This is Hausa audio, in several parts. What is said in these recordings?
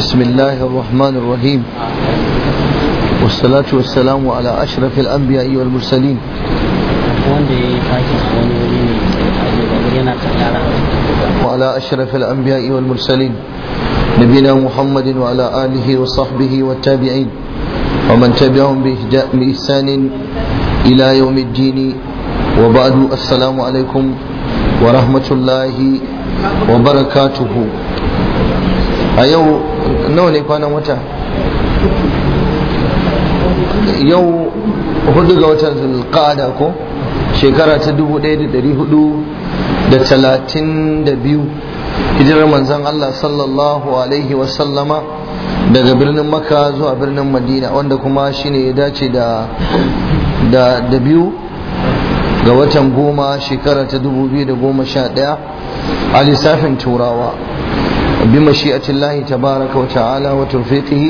بسم الله الرحمن الرحيم والصلاة والسلام على أشرف الأنبياء والمرسلين وعلى أشرف الأنبياء والمرسلين نبينا محمد وعلى آله وصحبه والتابعين ومن تبعهم بإحسان إلى يوم الدين وبعد السلام عليكم ورحمة الله وبركاته a yau nawa ne kwanan wata yau hudu ga watan zulqada ko shekara ta 1432 hijirar manzan Allah sallallahu alaihi wasallama daga birnin maka zuwa birnin madina wanda kuma shine ya dace da da da biyu ga watan goma shekara ta 2011 a lissafin turawa بمشيئة الله تبارك وتعالى وتوفيقه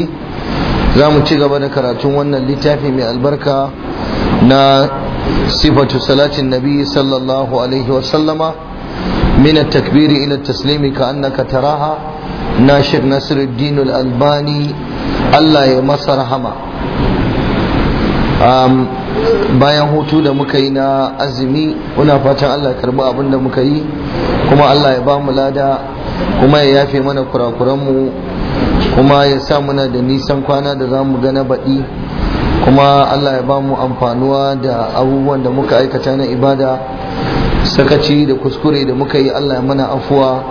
زام تيغبا نكراتون وانا اللتافي من البركة نا صفة صلاة النبي صلى الله عليه وسلم من التكبير إلى التسليم كأنك تراها ناشر نصر الدين الألباني الله يمسى رحمه bayan hutu da muka yi na azumi muna fatan Allah karbi abin da muka yi kuma Allah ya ba mu lada kuma ya yafe mana kurakuranmu kuma ya sa muna da nisan kwana da za mu gana baɗi kuma Allah ya ba mu amfanuwa da abubuwan da muka aikata na ibada sakaci da kuskure da muka yi Allah ya mana afuwa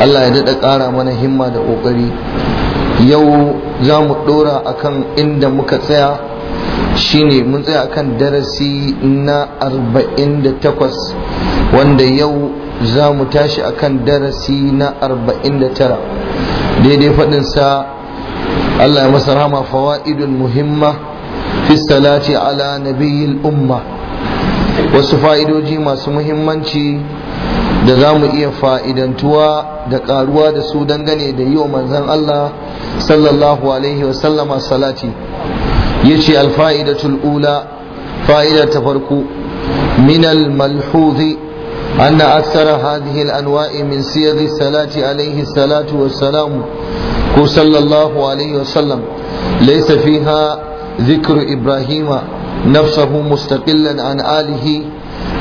Allah ya daɗa ƙara mana himma da ƙoƙari yau za mu ɗora akan inda muka tsaya shine mun tsaya akan darasi na 48 wanda yau za mu tashi akan darasi na 49 daidai faɗinsa Allah ya masa rama fawa'idun muhimma fi salati ala nabiyil umma wasu fa'idoji masu muhimmanci da za mu iya fa'idantuwa da ƙaruwa da su dangane da yiwa wa manzan Allah sallallahu alaihi wasallama salati ya ce alfa'idatul ula fa'idar ta farko minal malhuzi أن أكثر هذه الأنواع من سير الصلاة عليه الصلاة والسلام صلى الله عليه وسلم ليس فيها ذكر إبراهيم نفسه مستقلا عن آله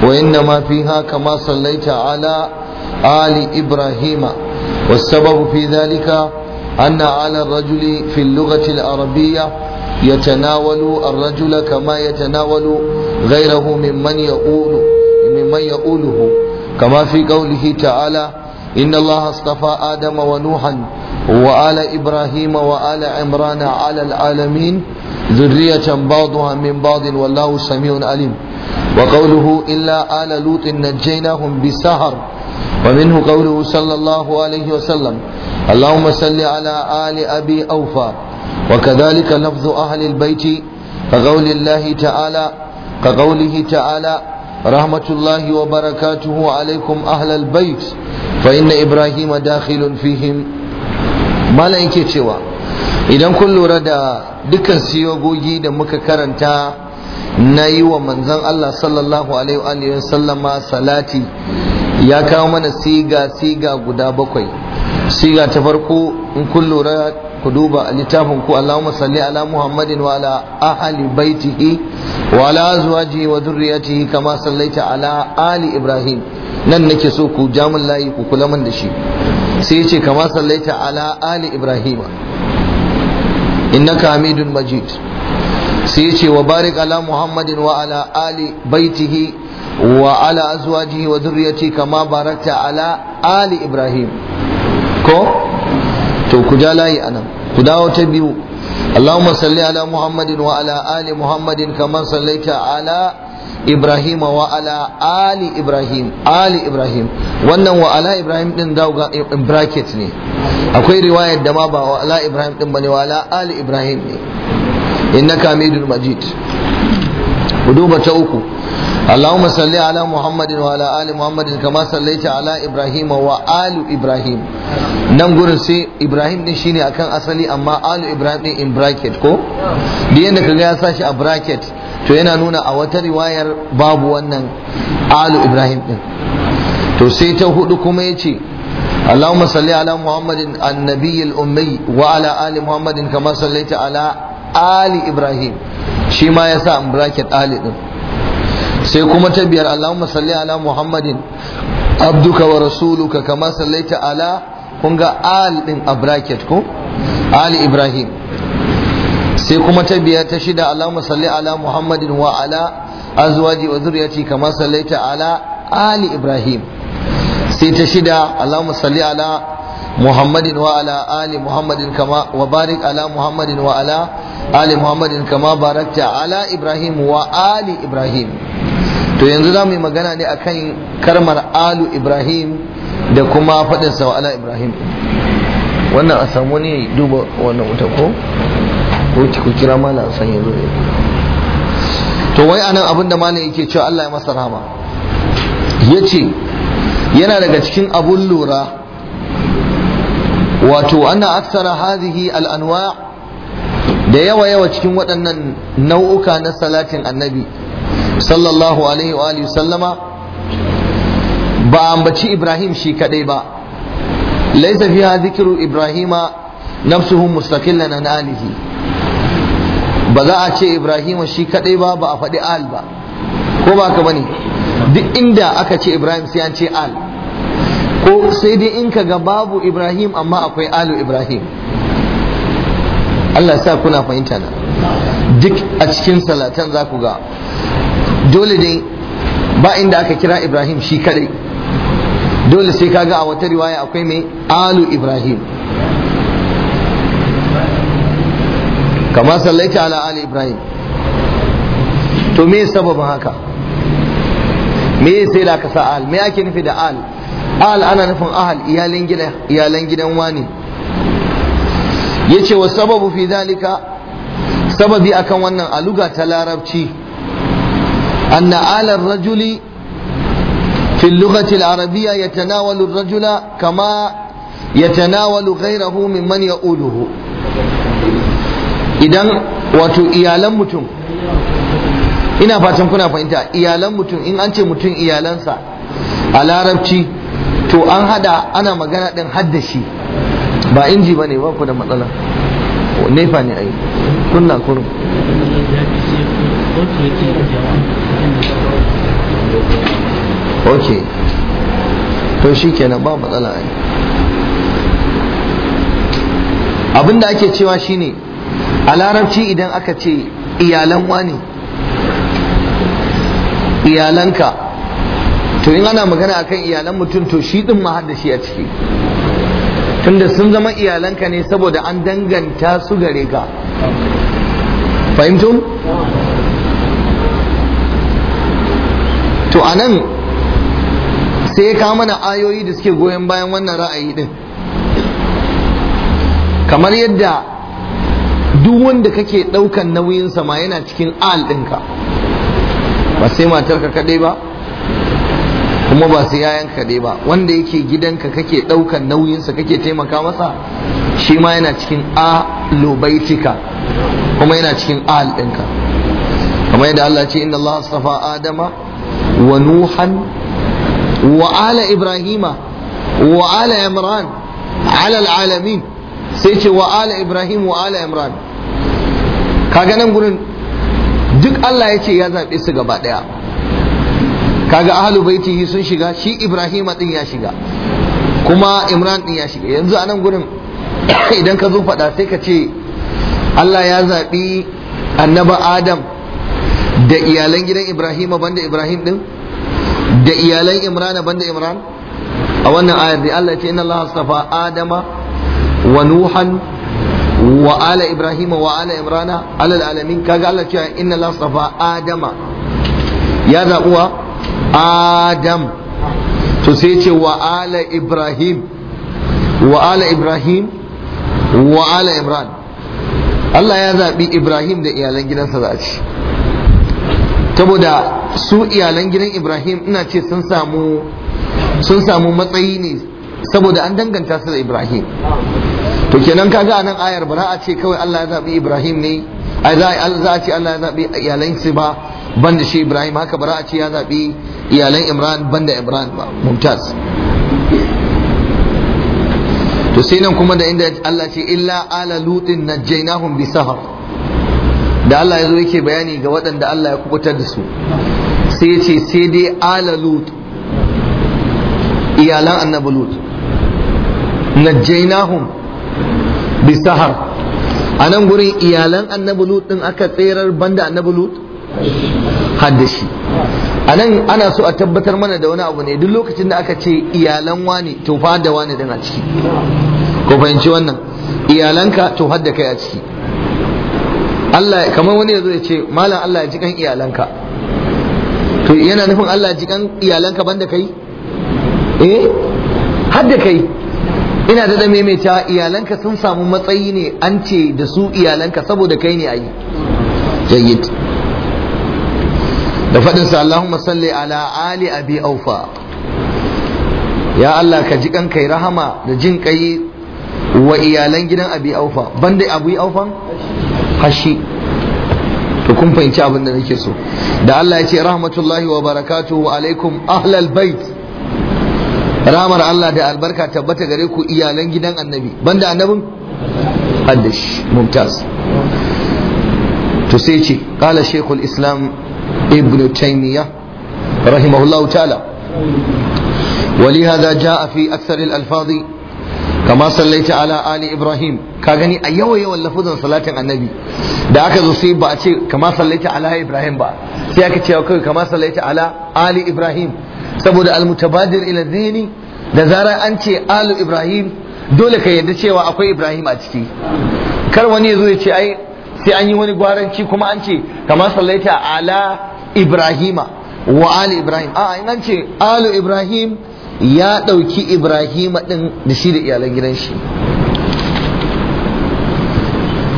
وإنما فيها كما صليت على آل إبراهيم والسبب في ذلك أن على الرجل في اللغة العربية يتناول الرجل كما يتناول غيره ممن يقول من يؤوله كما في قوله تعالى إن الله اصطفى آدم ونوحا وآل إبراهيم وآل عمران على العالمين ذرية بعضها من بعض والله سميع عليم وقوله إلا آل لوط نجيناهم بسهر ومنه قوله صلى الله عليه وسلم اللهم صل على آل أبي أوفى وكذلك لفظ أهل البيت كقول الله تعالى كقوله تعالى رحمة الله وبركاته عليكم أهل البيت فإن إبراهيم داخل فيهم ما لا ينكي idan kun lura da dukkan siyogogi da muka karanta na yi wa manzon Allah sallallahu alaihi sallama salati ya kawo mana siga siga guda bakwai siga ta farko in kun lura ku duba littafin ku Allahumma salli ala Muhammadin wa ala ahli baitihi wa ala azwaji wa dhurriyyatihi kama sallaita ala ali Ibrahim nan nake so ku jamin layi ku kula man da shi sai yace kama sallaita ala ali Ibrahim innaka Hamidun Majid sai yace wa barik ala Muhammadin wa ala ali baitihi wa ala azwaji wa kama barakta ala ali ibrahim ko to ku anan ku dawo ta biyu allahumma salli ala muhammadin wa ali muhammadin kama sallaita ala ibrahim wa ali ibrahim ali ibrahim wannan wa ibrahim din da in bracket ne akwai riwayar da ma ba ibrahim din bane wa ali ibrahim ne innaka amidul majid ku ta uku Allahumma salli ala Muhammadin wa ala ali Muhammadin kama sallaita ala Ibrahim wa Ibrahim nan gurin sai Ibrahim din shine akan asali amma alu Ibrahim din in bracket ko da yanda kaga ya sashi a bracket to yana nuna a wata riwayar babu wannan Ibrahim din ta hudu kuma yace اللهم صل على محمد النبي الأمي وعلى آل محمد كما صليت على آل إبراهيم shi ma ya sa bracket ali din sai kuma ta biyar Allahumma salli ala Muhammadin abduka wa rasuluka kama sallaita ala kun ga al din a bracket ko ali Ibrahim sai kuma ta biyar ta shida Allahumma salli ala Muhammadin wa ala azwaji wa zuriyati kama sallaita ala ali Ibrahim sai ta shida Allahumma salli ala محمد وعلى آل محمد كما وبارك على محمد وعلى آل محمد كما باركت على إبراهيم وآل إبراهيم to yanzu za mu yi magana ne akan karmar alu ibrahim da kuma faɗin sa ala ibrahim wannan a samu ne duba wannan wuta ko wuce ku kira mala a san yanzu to wai anan abinda mala yake cewa Allah ya masa Ya ce yana daga cikin abun lura wato ana aksara hadhihi al'anwa da yawa yawa cikin waɗannan nau'uka na salatin annabi sallallahu alaihi wa alihi sallama ba ambaci ibrahim shi kadai ba laysa fiha dhikru ibrahima nafsuhu mustaqillan na alihi ba za a ce ibrahima shi kadai ba ba a faɗi al ba ko ba ka bane duk inda aka ce ibrahim sai an ce al ko sai dai in ka ga babu ibrahim amma akwai alu ibrahim Allah sa kuna fahimta na duk a cikin salatan za ku ga dole dai ba inda aka kira ibrahim shi kadai dole sai kaga a wata riwaya akwai mai alu ibrahim kama sallaita ala ali ibrahim to me sababin haka me sai da ka sa al me ake nufi da al ahal ana nufin ahal iyalan gidan wani yace wa sababu fi zalika sababi akan wannan aluga ta larabci anna alar rajuli في اللغة kama ya الرجل كما يتناول غيره ممن يؤوله idan wato iyalan mutum ina fatan kuna fahimta iyalan mutum in an ce mutum iyalansa a larabci to an hada ana magana din hadda shi ba inji ba ne ba ku da matsala nefa ne ai kunna kurum ok to shi kenan ba matsala ai abinda ake cewa shine a larabci idan aka ce iyalan wani iyalanka to in ana magana akan iyalan mutum to shi din ma hada shi a ciki tunda sun zama iyalanka ne saboda an danganta su gare ka fahimtum to anan sai ka mana ayoyi da suke goyon bayan wannan ra'ayi din kamar yadda duk wanda kake ɗaukan nauyin sama yana cikin al ɗinka ba sai matarka kaɗai ba kuma ba su yayan ka dai ba wanda yake gidanka kake ɗaukan nauyinsa kake taimaka masa shi ma yana cikin alubaitika kuma yana cikin al ɗinka kamar yadda Allah ce inna Allah safa adama wa nuhan wa ala ibrahima wa ala imran ala alamin sai ce wa ala ibrahim wa ala imran kaga nan gurin duk Allah ya ce ya zaɓe su gaba ɗaya kaga ahlul baitihi sun shiga shi Ibrahim din ya shiga kuma imran din ya shiga yanzu a nan gurin idan ka zo faɗa sai ka ce Allah ya zaɓi annaba adam da iyalan gidan ibrahim banda ibrahim din da iyalan imran banda imran a wannan ayar da Allah ya ce inna Allah astafa adama wa nuhan wa ala ibrahim wa ala imrana ala alamin kaga Allah ya ce inna Allah astafa adama ya zaɓuwa adam to sai ce wa ala ibrahim wa ala ibrahim wa ala imran Allah ya zaɓi ibrahim da iyalan gidansa za a ci saboda su iyalan gidan ibrahim ina ce sun samu sun samu matsayi ne saboda an danganta su da ibrahim to kenan kaga a nan ayar ba za a ce kawai Allah ya zaɓi ibrahim ne za a ce Allah ya zaɓi iyalan ba banda shi ibrahim haka bara a ce ya zaɓi iyalan imran banda imran ba mumtaz to sai nan kuma da inda Allah ce illa ala lutin najjaynahum bi sahar da Allah yazo yake bayani ga waɗanda Allah ya kubutar da su sai ya ce sai dai ala lut iyalan annabi lut najjaynahum bi sahar a nan gurin iyalan annabi lut din aka tserar banda annabi lut haddashi a nan ana so a tabbatar mana da wani abu ne duk lokacin da aka ce iyalan wani to fa da wani din a ciki ko fahimci wannan iyalanka to hadda kai a ciki Allah kamar wani ya ya ce malam Allah ya ji kan iyalanka to yana nufin Allah ya ji kan iyalanka banda kai eh hadda kai ina da maimaita iyalanka sun samu matsayi ne an ce da su iyalanka saboda kai ne ayi jayyid da faɗinsa Allahumma salli ala ali abi aufa ya Allah ka ji kankai rahama da jin kai wa iyalan gidan abi aufa banda abi aufan hashi to kun fahimci abin da nake so da Allah ya ce rahmatullahi wa barakatuhu alaikum ahlal bait ramar Allah da albarka tabbata gare ku iyalan gidan annabi banda annabin haddash mumtaz to sai ce kala shaykhul islam ابن تيمية رحمه الله تعالى ولهذا جاء في أكثر الألفاظ كما صليت على آل إبراهيم كاغني أيوة أيوة لفظا صلاة النبي da aka zo sai ba a ce kama sallaita ala ibrahim ba sai aka ce kawai kama sallaita ala ali ibrahim saboda almutabadir ila zini da zara an ce alu ibrahim dole ka yarda cewa akwai ibrahim a ciki kar wani ya zo ya ce ai sai an yi wani gwaranci kuma an ce kama sallaita ala ibrahima wa ali ibrahim a ina ce alu ibrahim ya ɗauki ibrahima ɗin da shi da iyalan gidan shi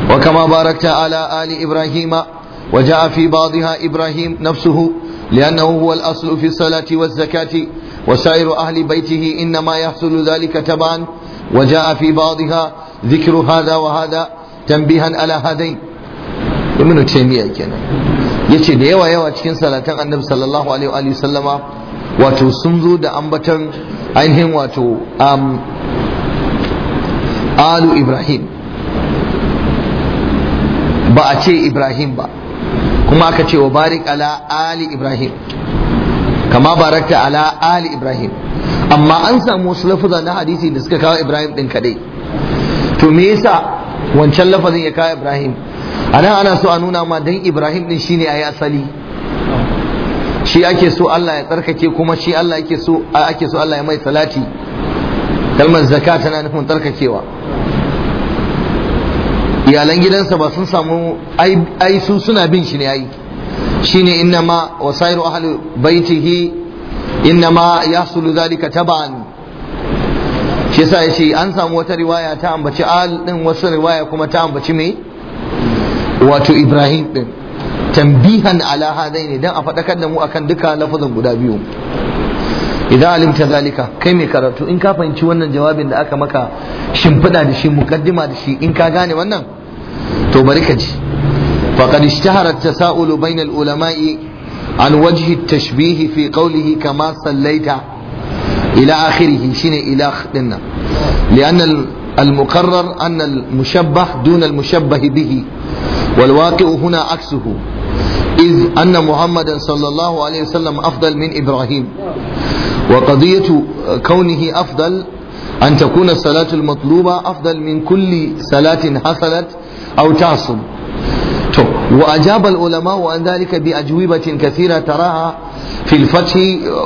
wa kama barakta ala ali ibrahima wa ja'a fi ba'dha ibrahim nafsuhu li'annahu huwa al-aslu fi salati wa zakati wa sa'iru ahli baytihi inna ma yahsulu dhalika taban wa ja'a fi ba'dha dhikru hadha wa hadha tanbihan ala hadain ibn taymiyyah kenan yace da yawa yawa cikin salatan annabi sallallahu alaihi wa sallama wato sun zo da ambatan ainihin wato um, alu ibrahim ba a ce ibrahim ba kuma aka ce wa barik ala ali ibrahim kama barakta ala ali ibrahim amma an samu wasu lafuza na hadisi da suka kawo ibrahim din kadai to me yasa wancan lafazin ya kawo ibrahim anan ana so a nuna ma dan Ibrahim din shine ayi asali shi ake so Allah ya tsarkake kuma shi Allah yake so ake so Allah ya mai salati kalmar zakat tana nufin tsarkakewa iyalan gidansa ba sun samu ai su suna bin shi ne ai shine innama wasairu ahli baitihi innama yahsulu zalika taban shi yasa yace an samu wata riwaya ta ambaci al din wasu riwaya kuma ta ambaci me wato Ibrahim din tambihan ala hadaini dan a faɗakar da mu akan duka lafazan guda biyu idan alimta zalika kai mai karatu in ka fahimci wannan jawabin da aka maka shimfiɗa da shi mukaddima da shi in ka gane wannan to bari ka ji faqad ishtahara tasaulu bayna al-ulama'i an wajhi at-tashbih fi qawlihi kama sallaita ila akhirih shine ila dinna li'anna al-muqarrar anna al-mushabbah duna al-mushabbah bihi والواقع هنا عكسه إذ أن محمدا صلى الله عليه وسلم أفضل من إبراهيم وقضية كونه أفضل أن تكون الصلاة المطلوبة أفضل من كل صلاة حصلت أو تحصل وأجاب العلماء عن ذلك بأجوبة كثيرة تراها في الفتح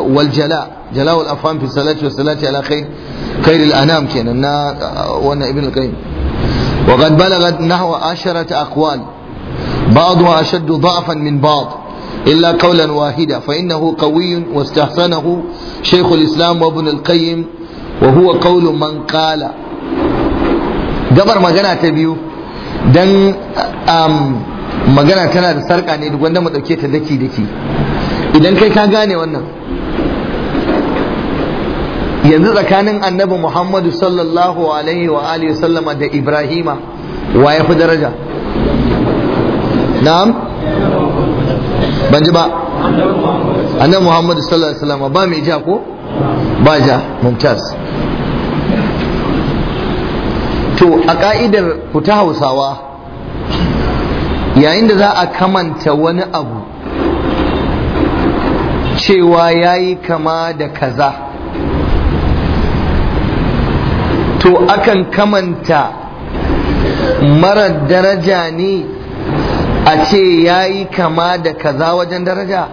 والجلاء جلاء الأفهام في الصلاة والصلاة على خير خير الأنام كان وانا ابن القيم وقد بلغت نحو عشرة أقوال بعضها أشد ضعفا من بعض إلا قولا واحدا فإنه قوي واستحسنه شيخ الإسلام وابن القيم وهو قول من قال gabar magana ta biyu don magana tana da sarƙa ne duk wanda mu ɗauke ta daki daki idan kai ka gane wannan yanzu tsakanin annabi muhammadu sallallahu alaihi wa alihi sallama da ibrahima wa ya fi daraja na'am ban ji ba annabi muhammadu sallallahu alaihi sallama ba mai ja ko ba ja mumtaz to a ka'idar ku ta hausawa yayin da za a kamanta wani abu cewa ya yi kama da kaza to akan kamanta mara daraja ne a ce ya yi kama da kaza wajen daraja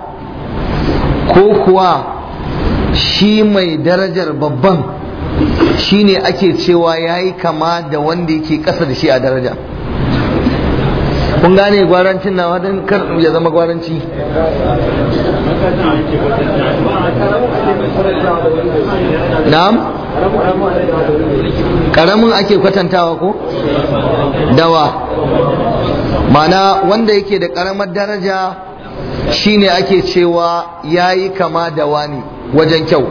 ko kuwa shi mai darajar babban shi ne ake cewa ya yi kama da wanda yake ƙasa da shi a daraja kun gane gwarancin na wadin kar ya zama gwaranci na'am karamin ake kwatantawa ko dawa mana wanda yake da karamar daraja shine ake cewa ya yi kama da wani wajen kyau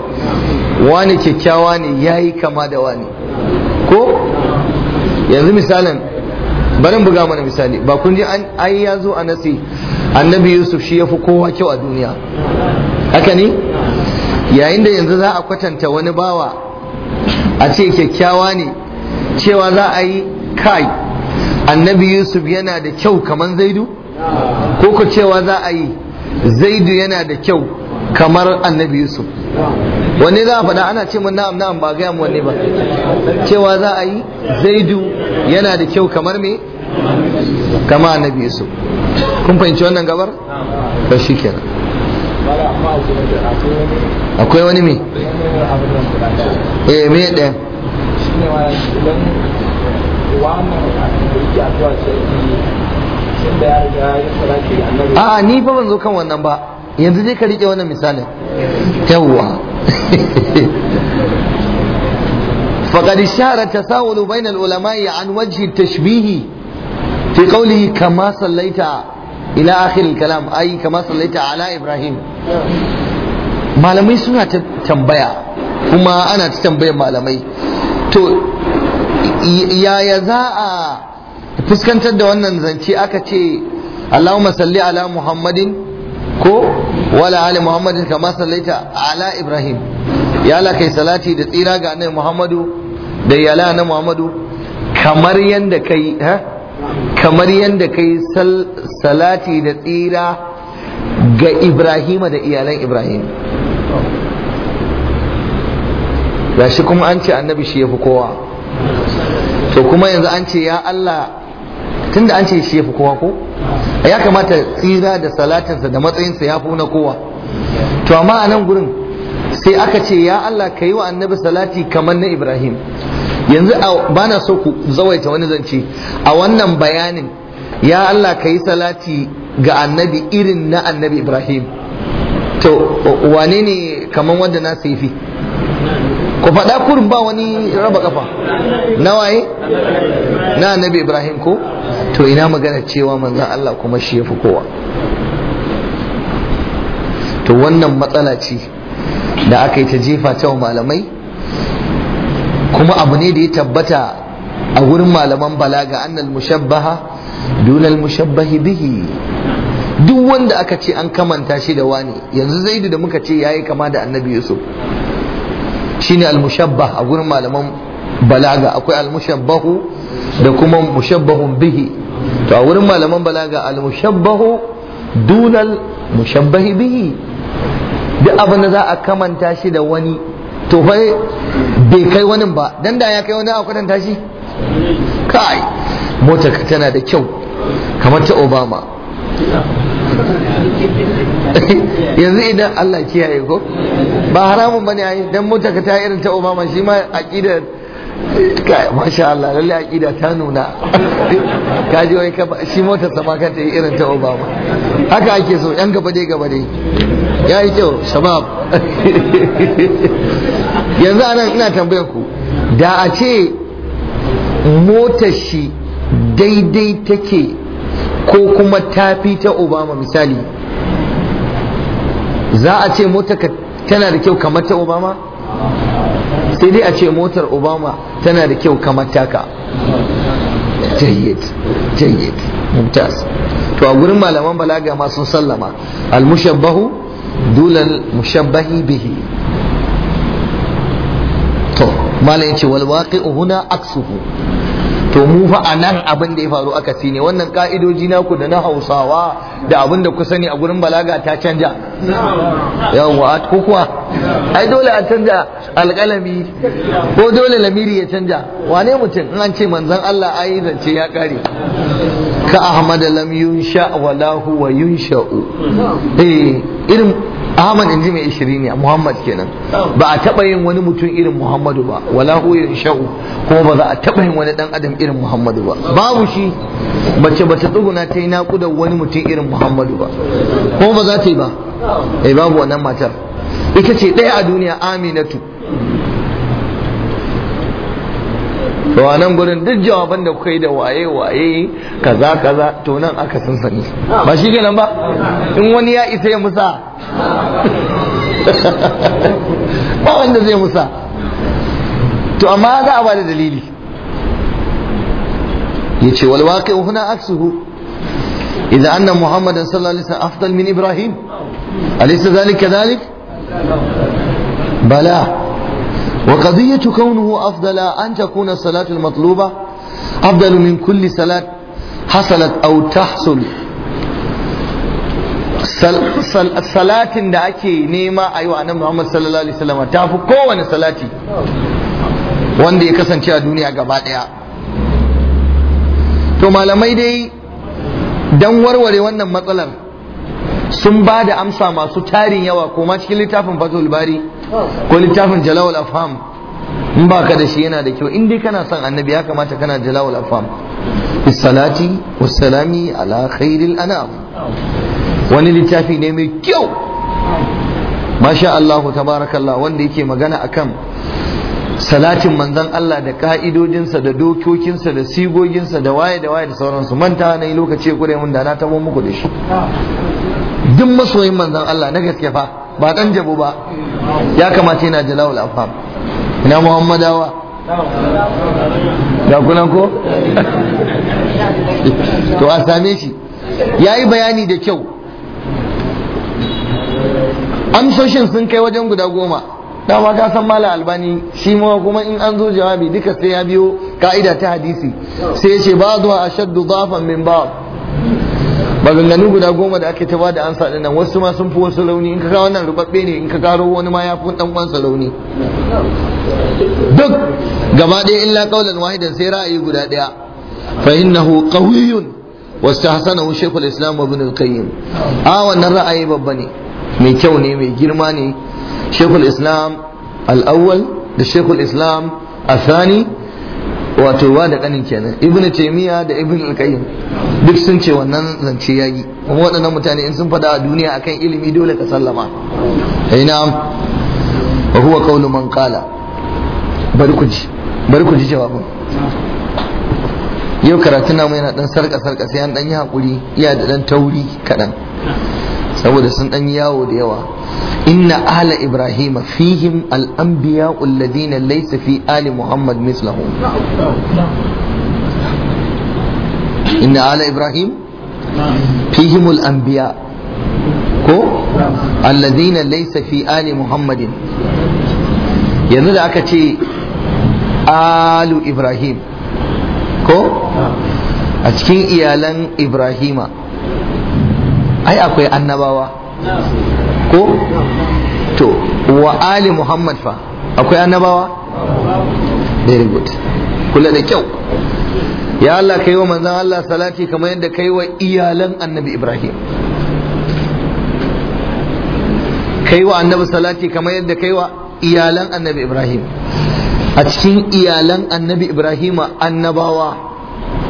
wani kyakkyawa ne ya yi kama da wani ko yanzu misalin barin buga mana misali ba kun ji an ya zo a nasi annabi yusuf shi ya fi kowa kyau a duniya haka ne yayin da yanzu za a kwatanta wani bawa a ce kyakkyawa ne cewa za a yi kai annabi yusuf yana da kyau kamar zaidu ko ku cewa za a yi zaidu yana da kyau kamar annabi yusuf wanne za a faɗa ana ce mun na'am na'am ba gaya mu wanne ba cewa za a yi zaidu yana da kyau kamar me kama annabi yusuf kun fahimci wannan gabar ba shi kenan akwai wani me eh me ɗaya a'a ni fa ban zo kan wannan ba yanzu zai ka rike wannan misalin yawwa فقد ta التساؤل bainal ulamai عن وجه tashbihi في قوله kama sallaita. ila akhir kalam ai kama sallaita ala ibrahim malamai suna ta tambaya kuma ana ta tambayar malamai to yaya za a fuskantar da wannan zance aka ce Allahumma salli ala Muhammadin ko wala ali Muhammadin kama sallaita ala Ibrahim ya kai salati da tsira ga annabi Muhammadu da yala na Muhammadu kamar yanda kai ha kamar yadda kai salati da tsira ga ibrahima da iyalan ibrahim shi kuma an ce annabi shi ya fi kowa to kuma yanzu an ce ya Allah tunda an ce shi ya fi kowa ko ya kamata tsira da salatinsa da matsayinsa ya fi na kowa to amma a nan gurin sai aka ce ya Allah ka yi wa annabi salati kamar na ibrahim yanzu ba na so ku zawaita wani zance a wannan bayanin ya Allah ka yi salati ga annabi irin na annabi Ibrahim to wane ne kamar wanda na saifi ku faɗa kurin ba wani raba kafa na waye na annabi Ibrahim ko to ina magana cewa manzan Allah kuma shi ya fi kowa to wannan matsala ce da aka yi ta jefa cewa malamai kuma abu ne da ya tabbata a wurin malaman balaga annal mushabbaha dunal mushabbahi bihi duk wanda aka ce an kamanta shi da wani yanzu zaidu da muka ce yayi kama da annabi yusuf shine al-mushabbah a gurin malaman balaga akwai al-mushabbahu da kuma mushabbahun bihi to a wurin malaman balaga al-mushabbahu dunal mushabbahi bihi duk abin da za a kamanta shi da wani to fa bai kai wani ba dan da ya kai wani a kwatanta shi kai motar ka tana da kyau kamar ta obama yanzu idan Allah kiyaye ko ba haramun a yi dan motar ka ta irin ta obama shi ma aqidar masha Allah lalle aqida ta nuna kaji wai shi motar sa ka ta yi irin ta obama haka ake so yan gaba dai gaba dai yayi kyau shabab yanzu anan ina tambayar ku da a ce motar shi daidai take ko kuma tafi ta obama misali za a ce motar tana da kyau kamar ta obama sai dai a ce motar obama tana da kyau kamar taka jayyid jayyid mumtaz to a gurin malaman balaga ma sun sallama al mushabbahu dulal mushabbahi bihi to malam yace wal waqi'u huna aksuhu to mu fa anan abin da ya faru aka akasi ne wannan ka'idoji na ku da na Hausawa da abin da ku sani a gurin balaga ta canja yawa ko kuwa ai dole a canja alƙalami ko dole lamiri ya canja wane mutum in an ce manzon Allah ayi zance ya kare ka Ahmad lam yunsha wala huwa yunsha'u eh irin Ahmad in ji mai ishiri ne Muhammad kenan ba a taɓa yin wani mutum irin Muhammadu ba wala hu sha'u ko ba za a taɓa yin wani ɗan adam irin Muhammadu ba babu shi bace bata tsuguna ta yi naƙuda wani mutum irin Muhammadu ba ko ba za ta yi ba eh babu wannan matar ita ce ɗaya a duniya Aminatu to a nan gurin duk jawaban da kuka yi da waye waye kaza kaza to nan aka sun sani ba shi kenan ba in wani ya isa ya musa ba wanda zai musa to amma za a da dalili ya ce wal waƙi huna aksuhu idan annan muhammadan sallallahu alaihi wasallam afdal min ibrahim alaysa zalika zalik bala وقضية كونه أفضل أن تكون الصلاة المطلوبة أفضل من كل صلاة حصلت أو تحصل salatin da ake nema a yi wa annabi Muhammad sallallahu alaihi wasallam ta fi kowane salati wanda ya kasance a duniya gaba ɗaya. to malamai dai dan warware wannan matsalar sun ba da amsa masu tarin yawa ko ma cikin littafin fatul bari ko littafin jalawul afham in ba ka da shi yana da kyau in dai kana son annabi ya kamata kana jalawul afham bisalati wassalami ala khairil anam wani littafi ne mai kyau masha Allah tabarakallah wanda yake magana akan salatin manzon Allah da ka'idojinsa da dokokinsa da sigoginsa da waye da waye da sauransu manta na yi lokaci kure mun da na tabo muku da shi duk masoyin manzon Allah na gaske fa ba dan jabo ba ya kamata yana jalawul afam ina muhammadawa da kunan ko to a same shi yayi bayani da kyau amsoshin sun kai wajen guda goma dama ka san mala albani shi ma kuma in an zo jawabi duka sai ya biyo ka'ida ta hadisi sai ya ce ba zuwa ashaddu dhafan min ba'd maganganu guda goma da ake ta ba da ansa dinnan nan wasu ma sun fi wasu launi in ka kawo wannan rubabbe ne in ka karo wani ma ya fi dan uwansa launi duk gaba ɗaya illa ƙaunar wahidan sai ra'ayi guda ɗaya fa innahu qawiyyun hu shaykhul islam ibn al-qayyim a wannan ra'ayi babba ne mai kyau ne mai girma ne shaykhul islam al-awwal da shaykhul islam a sani wato wa da kanin kenan ibn taymiya da ibn al duk sun ce wannan zance yayi kuma waɗannan mutane in sun fada a duniya akan ilimi dole ka sallama ina eh, wa huwa qawlu man qala bari ku ji bari ku ji jawabin yau karatu namu yana dan sarka sarka sai an dan yi hakuri iya da dan tauri kadan saboda sun dan yawo da yawa inna ala ibrahim fihim al-anbiya alladhina laysa fi ali muhammad mislahu. inna ala ibrahim fihim al-anbiya ko alladhina laysa fi ali muhammadin yanzu da aka ce alu ibrahim ko a cikin iyalan ibrahima ai akwai annabawa ko to wa ali muhammad fa akwai annabawa very good kula da kyau ya Allah kai wa manzan Allah salati kamar yadda kai wa iyalan annabi ibrahim kai wa annabi salati kamar yadda kai wa iyalan annabi ibrahim a cikin iyalan annabi ibrahim annabawa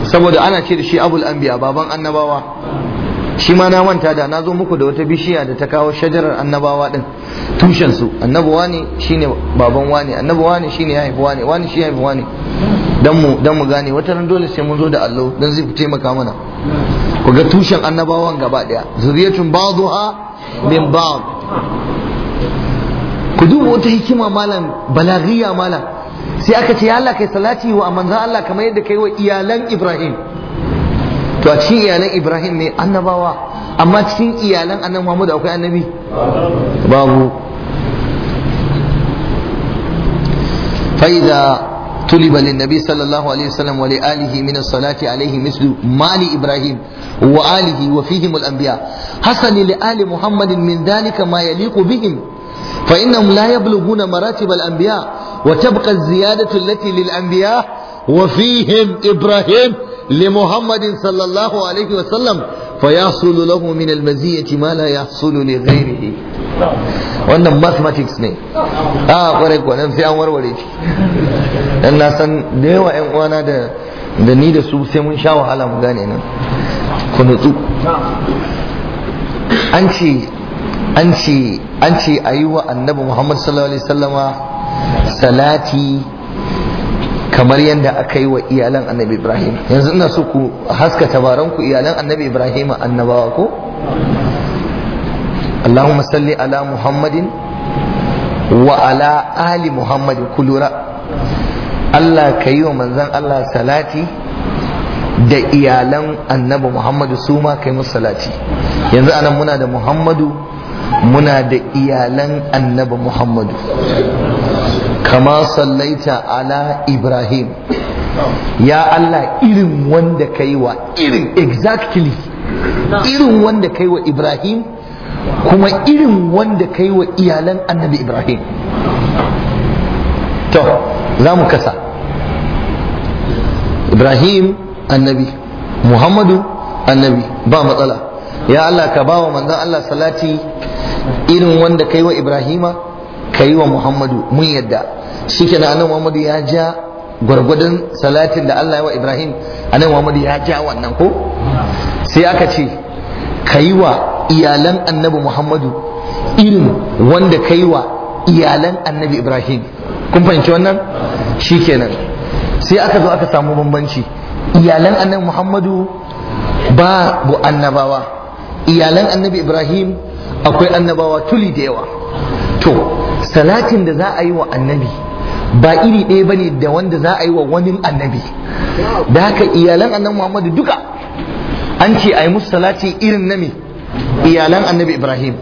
saboda ana ce da shi abul anbiya baban annabawa shi ma na manta da na zo muku da wata bishiya da ta kawo shajarar annabawa din tushen su annabi wani shine baban wani annabi wani shine ya haifi wani wani shi ya haifi wani dan mu dan mu gane wata ran dole sai mun zo da Allah dan zai fice maka mana ku ga tushen annabawan gaba daya zuriyatun ba'dha min ba'd ku duba wata hikima malam balaghiya malam sai aka ce ya Allah kai salati wa manzon Allah kamar yadda kai wa iyalan Ibrahim to a cikin iyalan ibrahim ne annabawa amma cikin iyalan annabi muhammadu akwai annabi babu فإذا طلب للنبي صلى الله عليه وسلم ولآله من الصلاة عليه مثل مال إبراهيم وآله وفيهم الأنبياء حصل لآل محمد من ذلك ما يليق بهم فإنهم لا يبلغون مراتب الأنبياء وتبقى الزيادة التي للأنبياء وفيهم إبراهيم لمحمد صلى الله عليه وسلم فيحصل wannan mathematics ne a kwarai kwanan sai an warware shi dan na san da yawa yan da ni da su sai mun sha wahala mu gane nan ku nutsu an ce an ce an ce ayi wa annabi Muhammad sallallahu alaihi wasallama salati kamar yadda aka yi wa iyalan annabi ibrahim yanzu ina so ku haska tabaran ku iyalan annabi ibrahim annabawa ko Allahumma salli ala muhammadin wa ala ali muhammadin ku lura Allah ka yi wa manzan Allah salati da iyalan annabi muhammadu su ma kai musu salati yanzu anan muna da muhammadu muna da iyalan annabi muhammadu kama sallaita ala ibrahim ya Allah irin wanda kai wa irin exactly irin wanda kai wa ibrahim kuma irin wanda kai wa iyalan annabi ibrahim to za mu kasa ibrahim annabi muhammadu annabi ba matsala ya Allah ka ba wa manzon Allah salati irin wanda kai wa ibrahima ka yi wa muhammadu mun yadda shi ke nan muhammadu ya ja gwargwadon salatin da allah ya wa ibrahim anan muhammadu ya ja wannan ko sai aka ce ka yi wa iyalan annabi muhammadu irin wanda ka yi wa iyalan annabi ibrahim kun fahimci wannan shi nan, sai aka zo aka samu bambanci iyalan annabi muhammadu ba bu annabawa iyalan annabi ibrahim akwai annabawa tuli da yawa to salatin da za a yi wa annabi ba iri ɗaya bane da wanda za a yi wa wani annabi da haka iyalan annabi Muhammadu duka an ce a yi musu salati irin na me iyalan annabi Ibrahim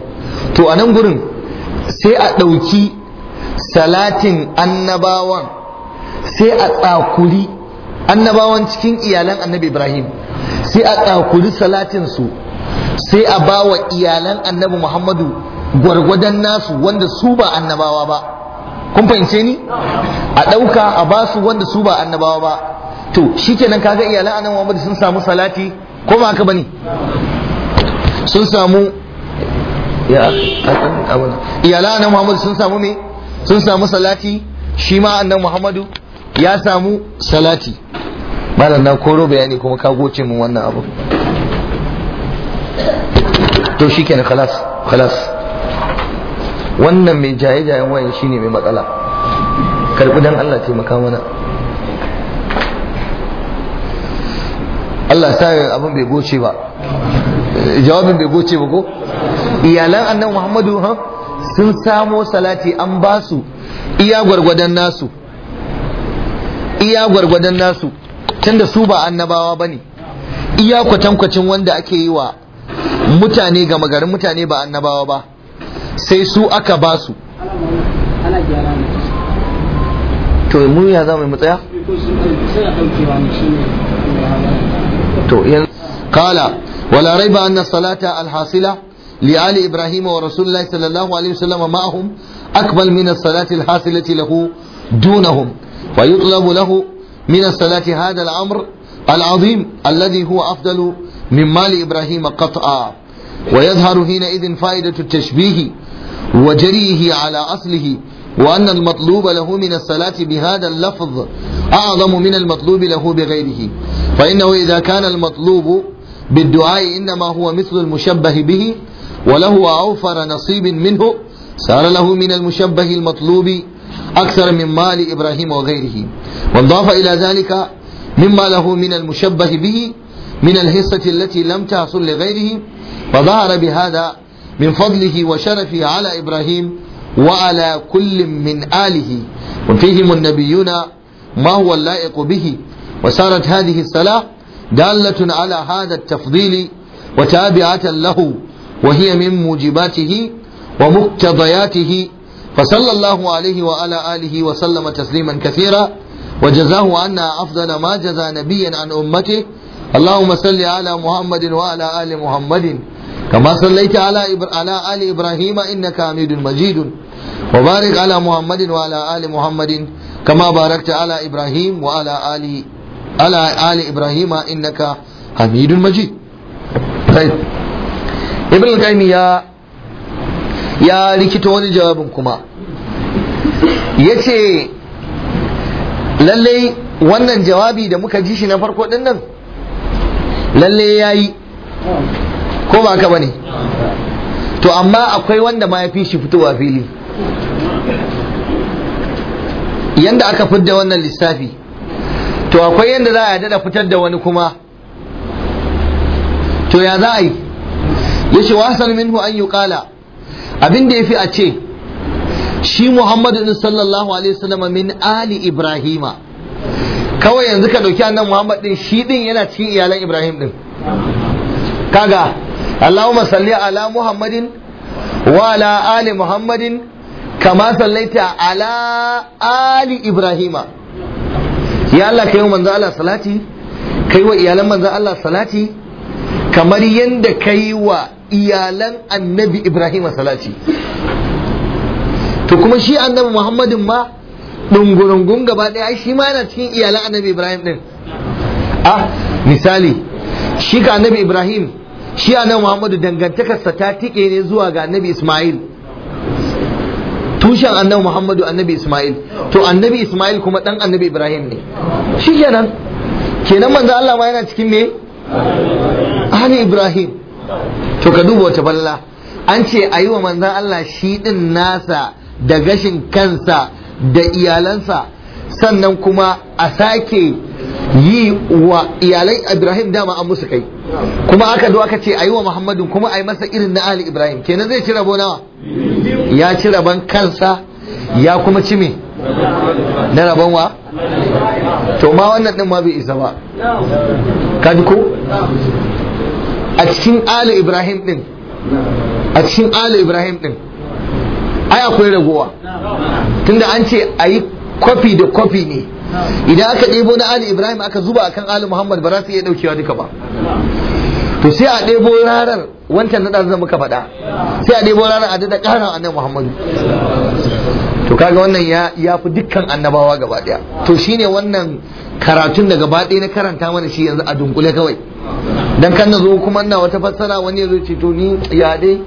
to a nan gurin sai a ɗauki salatin annabawan sai a tsakuri annabawan cikin iyalan annabi Ibrahim sai a tsakuri salatinsu sai a ba wa iyalan annabi Muhammadu gwargwadon nasu wanda su ba annabawa ba kun fahimce ni a ɗauka a basu wanda su ba annabawa ba to shikenan kaga iyalan annabi Muhammad sun samu salati ko ba haka bane sun samu iyalan annabi Muhammad sun samu me sun samu salati shi ma annabi Muhammadu ya samu salati malam na koro bayani kuma ka goce min wannan abu to shikenan khalas khalas wannan mai jaye-jayen wayan shine mai matsala karbi don Allah taimaka mana Allah sa abin bai goce ba jawabin bai goce ba ko iyalan annan Muhammadu ha sun samo salati an ba su iya gwargwadon nasu iya gwargwadon nasu tunda su ba annabawa ba ne. iya kwatankwacin wanda ake yi wa mutane gama garin mutane ba annabawa ba sai su aka basu. su to kala wala raiba salata alhasila li ali ibrahim wa rasulullahi sallallahu alaihi wasallam ma'ahum akmal min lahu dunahum wa yutlabu lahu من الصلاة هذا الأمر العظيم الذي هو أفضل من مال إبراهيم قطعا ويظهر حينئذ وجريه على أصله وأن المطلوب له من الصلاة بهذا اللفظ أعظم من المطلوب له بغيره فإنه إذا كان المطلوب بالدعاء إنما هو مثل المشبه به وله أوفر نصيب منه صار له من المشبه المطلوب أكثر من مال إبراهيم وغيره وانضاف إلى ذلك مما له من المشبه به من الحصة التي لم تحصل لغيره فظهر بهذا من فضله وشرفه على إبراهيم وعلى كل من آله وفيهم النبيون ما هو اللائق به وسارت هذه الصلاة دالة على هذا التفضيل وتابعة له وهي من موجباته ومقتضياته فصلى الله عليه وعلى آله وسلم تسليما كثيرا وجزاه عنا أفضل ما جزى نبيا عن أمته اللهم صل على محمد وعلى آل محمد كما صليت على على آل إبراهيم إنك حميد مجيد وبارك على محمد وعلى آل محمد كما باركت على إبراهيم وعلى آل على آل إبراهيم إنك حميد مجيد طيب ابن القيم يا يا ركتون جوابكما yace lallai wannan jawabi da muka ji shi na farko din nan lallai yayi ko ba ka bane to amma akwai wanda ma ya fi shi fitowa fili yanda aka fidda wannan lissafi to akwai yanda za a da fitar da wani kuma to ya za a yi ya ce wasan minhu an yi kala abin ya fi a ce shi muhammadu sallallahu alaihi wasallam min ali ibrahima kawai yanzu ka ɗauki annan muhammad din shi din yana cikin iyalan ibrahim din kaga Allahumma salli ala Muhammadin wa ala ali Muhammadin kama sallaita ala ali Ibrahima ya Allah kai wa manzo salati kai wa iyalan manzo Allah salati kamar yadda kai wa iyalan annabi Ibrahima salati to kuma shi annabi Muhammadin ma dungurungun gaba ɗaya shi yana cikin iyalan annabi Ibrahim din ah misali shi ka annabi Ibrahim shi annabi Muhammadu dangantakarsa ta tike ne zuwa ga annabi Ismail tushen annabi Muhammadu annabi Ismail to annabi Ismail kuma dan annabi Ibrahim ne shi kenan kenan manzo Allah ma yana cikin me ahli Ibrahim to ka duba wata balla an ce a yi wa manzan Allah shi din nasa da gashin kansa da iyalansa sannan kuma a sake yi wa iyalai Ibrahim dama an musu kai kuma aka zo aka ce ayi wa Muhammadu kuma ayi masa irin na Ali Ibrahim kenan zai ci rabo nawa ya ci rabon kansa ya kuma ci me na rabon wa to ma wannan din ma bai isa ba kaji ko a cikin Ali Ibrahim din a cikin Ali Ibrahim din ai akwai ragowa tunda an ce ayi kwafi da kwafi ne idan aka ɗebo na ali ibrahim aka zuba akan ali muhammad ba za su iya ɗaukewa duka ba to sai a ɗebo ranar wancan na ɗazan muka faɗa sai a ɗebo ranar a daɗa ƙara annabi muhammadu to kaga wannan ya ya fi dukkan annabawa gaba ɗaya to shine wannan karatun da gaba ɗaya na karanta mana shi yanzu a dunkule kawai dan kan na zo kuma na wata fassara wani ya zo ce to ni ya dai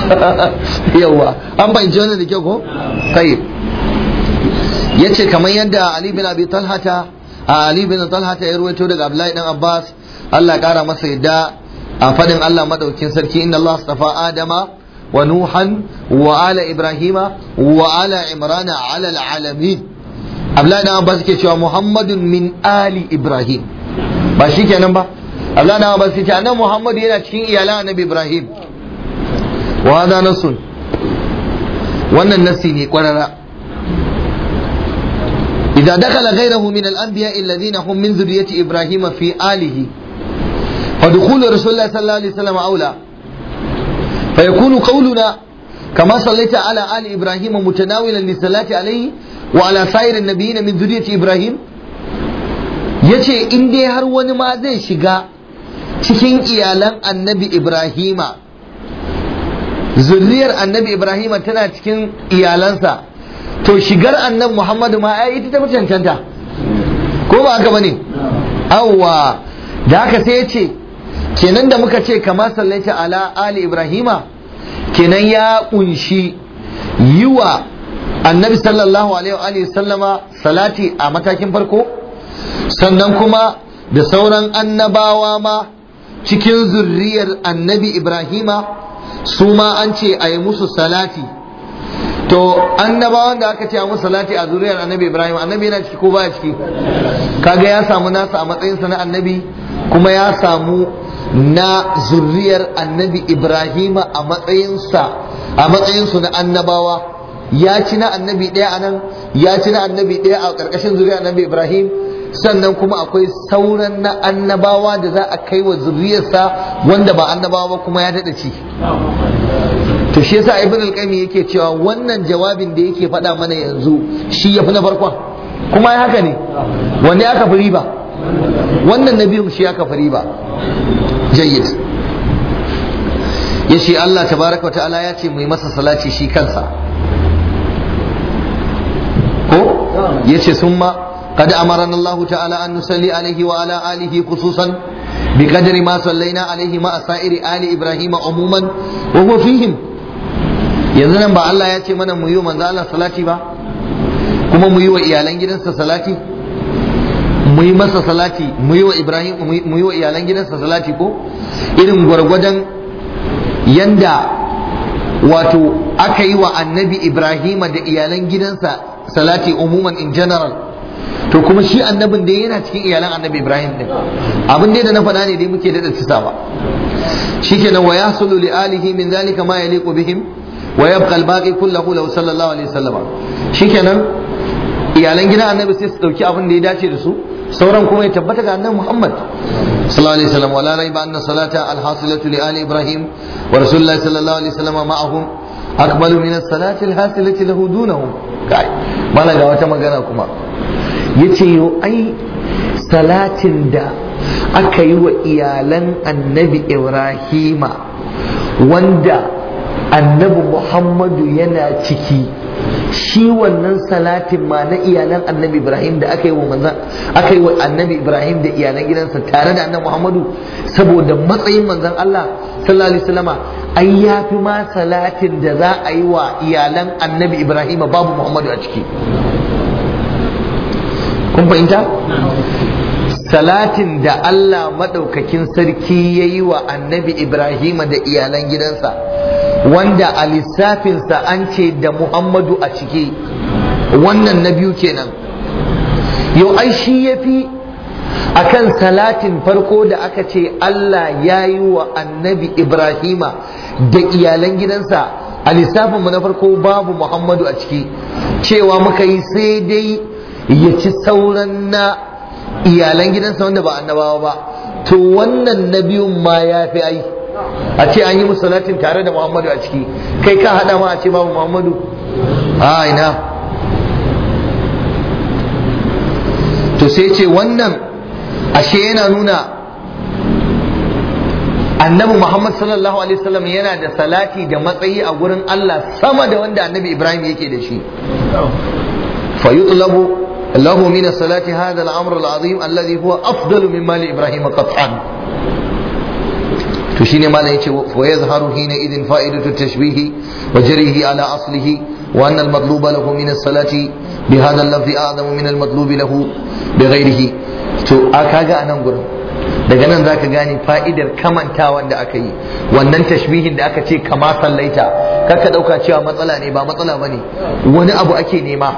yawa an ban ji wannan da kyau ko kai yace kamar yadda Ali bin Abi Talhata Ali bin Talhata ya ruwaito daga Abdullahi dan Abbas Allah ya kara masa yadda a fadin Allah madaukin sarki inna Allah astafa Adama wa Nuhan wa ala Ibrahima wa ala Imran ala alamin Abdullahi dan Abbas yake cewa Muhammadun min ali Ibrahim ba shi kenan ba Abdullahi dan Abbas yake annabi Muhammad yana cikin iyalan Annabi Ibrahim wa hada nasun wannan nasi ne kwarara إذا دخل غيره من الأنبياء الذين هم من ذرية إبراهيم في آله فدخول رسول الله صلى الله عليه وسلم أولى فيكون قولنا كما صليت على آل إبراهيم متناولا للصلاة عليه وعلى سائر النبيين من ذرية إبراهيم yace in dai har wani ma zai shiga cikin iyalan annabi Ibrahima zuriyar annabi Ibrahima إيالان سا to shigar annabi Muhammadu ma ai ita ta fi cancanta ko ba haka bane awwa da haka sai ya ce kenan da muka ce kama sallaita ala ali ibrahima kenan ya kunshi wa annabi sallallahu alaihi wa sallama salati a matakin farko sannan kuma da sauran annabawa ma cikin zurriyar annabi ibrahima su ma an ce a yi musu salati to annabawan da aka ce a musu salati a zuriyar annabi ibrahim annabi yana ciki ko baya ciki kaga ya samu nasa a matsayinsa na annabi kuma ya samu na zuriyar annabi ibrahim a matsayinsa a matsayinsu na annabawa ya ci na annabi ɗaya a nan ya ci na annabi ɗaya a ƙarƙashin zuriyar annabi ibrahim sannan kuma akwai sauran na annabawa da za a kai wa zuriyarsa wanda ba annabawa kuma ya daɗa ci to shi yasa ibn al-qayyim yake cewa wannan jawabin da yake faɗa mana yanzu shi yafi na farkon kuma ya haka ne wanne aka fi riba wannan na biyun shi aka fi riba jayyid yace Allah tabaraka wa ta'ala ya ce mu yi masa salati shi kansa ko yace summa qad amarana Allah ta'ala an nusalli alaihi wa ala alihi khususan بقدر ما صلينا عليه مع سائر آل إبراهيم عموما وهو فيهم yanzu nan ba Allah ya ce mana mu yi wa manzo Allah salati ba kuma mu yi wa iyalan gidansa salati mu yi masa salati mu yi wa Ibrahim mu yi wa iyalan gidansa salati ko irin gwargwadon yanda wato aka yi wa annabi Ibrahim da iyalan gidansa salati umuman in general to kuma shi annabin da yana cikin iyalan annabi ibrahim din abin dai da na faɗa ne dai muke da tsitawa shikenan wa yasulu li alihi min zalika ma yaliqu bihim wa yabqa al-baqi kullahu law sallallahu alaihi wasallam shikenan iyalan gidan annabi sai su dauki abin da ya dace da su sauran kuma ya tabbata ga annabi Muhammad sallallahu alaihi wasallam wala raiba anna salata alhasilatu li ali ibrahim wa rasulullah sallallahu alaihi wasallam ma'ahum akmalu min as-salati alhasilati lahu dunahum kai mala ga wata magana kuma yace yo ai salatin da aka yi wa iyalan annabi ibrahima wanda annabi muhammadu yana ciki shi wannan salatin ma na iyalan annabi ibrahim da aka yi wa manzan aka yi wa annabi ibrahim da iyalan gidansa tare da annabi muhammadu saboda matsayin manzan allah sallallahu alaihi wasallama ai ya fi ma salatin da za a yi wa iyalan annabi ibrahim babu muhammadu a ciki kun fahimta salatin da allah maɗaukakin sarki ya yi wa annabi ibrahim da iyalan gidansa wanda a lissafinsa an ce da muhammadu a cike. wannan na biyu kenan yau ai shi ya fi a kan salatin farko da aka ce allah ya yi wa annabi ibrahima da iyalan gidansa a lissafinmu na farko babu muhammadu a cike. cewa muka yi sai dai ya ci sauran na iyalan gidansa wanda ba annabawa ba to wannan na biyun ma ya fi ai a ce an yi musulatin tare da muhammadu a ciki kai ka hada ma a ce babu muhammadu a ina to sai ce wannan ashe yana nuna annabi muhammad sallallahu alaihi wasallam yana da salati da matsayi a gurin allah sama da wanda annabi ibrahim yake da shi فيطلب له من الصلاة هذا الأمر العظيم الذي هو أفضل من مال إبراهيم قطعا to shine malam yace wa yazharu hina idin fa'idatu tashbihi wa jarihi ala aslihi wa anna al madluba lahu min as-salati bi hadha al-lafzi a'zamu min al madlubi lahu bi ghayrihi to aka ga anan gurin daga nan zaka gane fa'idar kamantawan da aka yi wannan tashbihin da aka ce kama sallaita kaka dauka cewa matsala ne ba matsala bane wani abu ake nema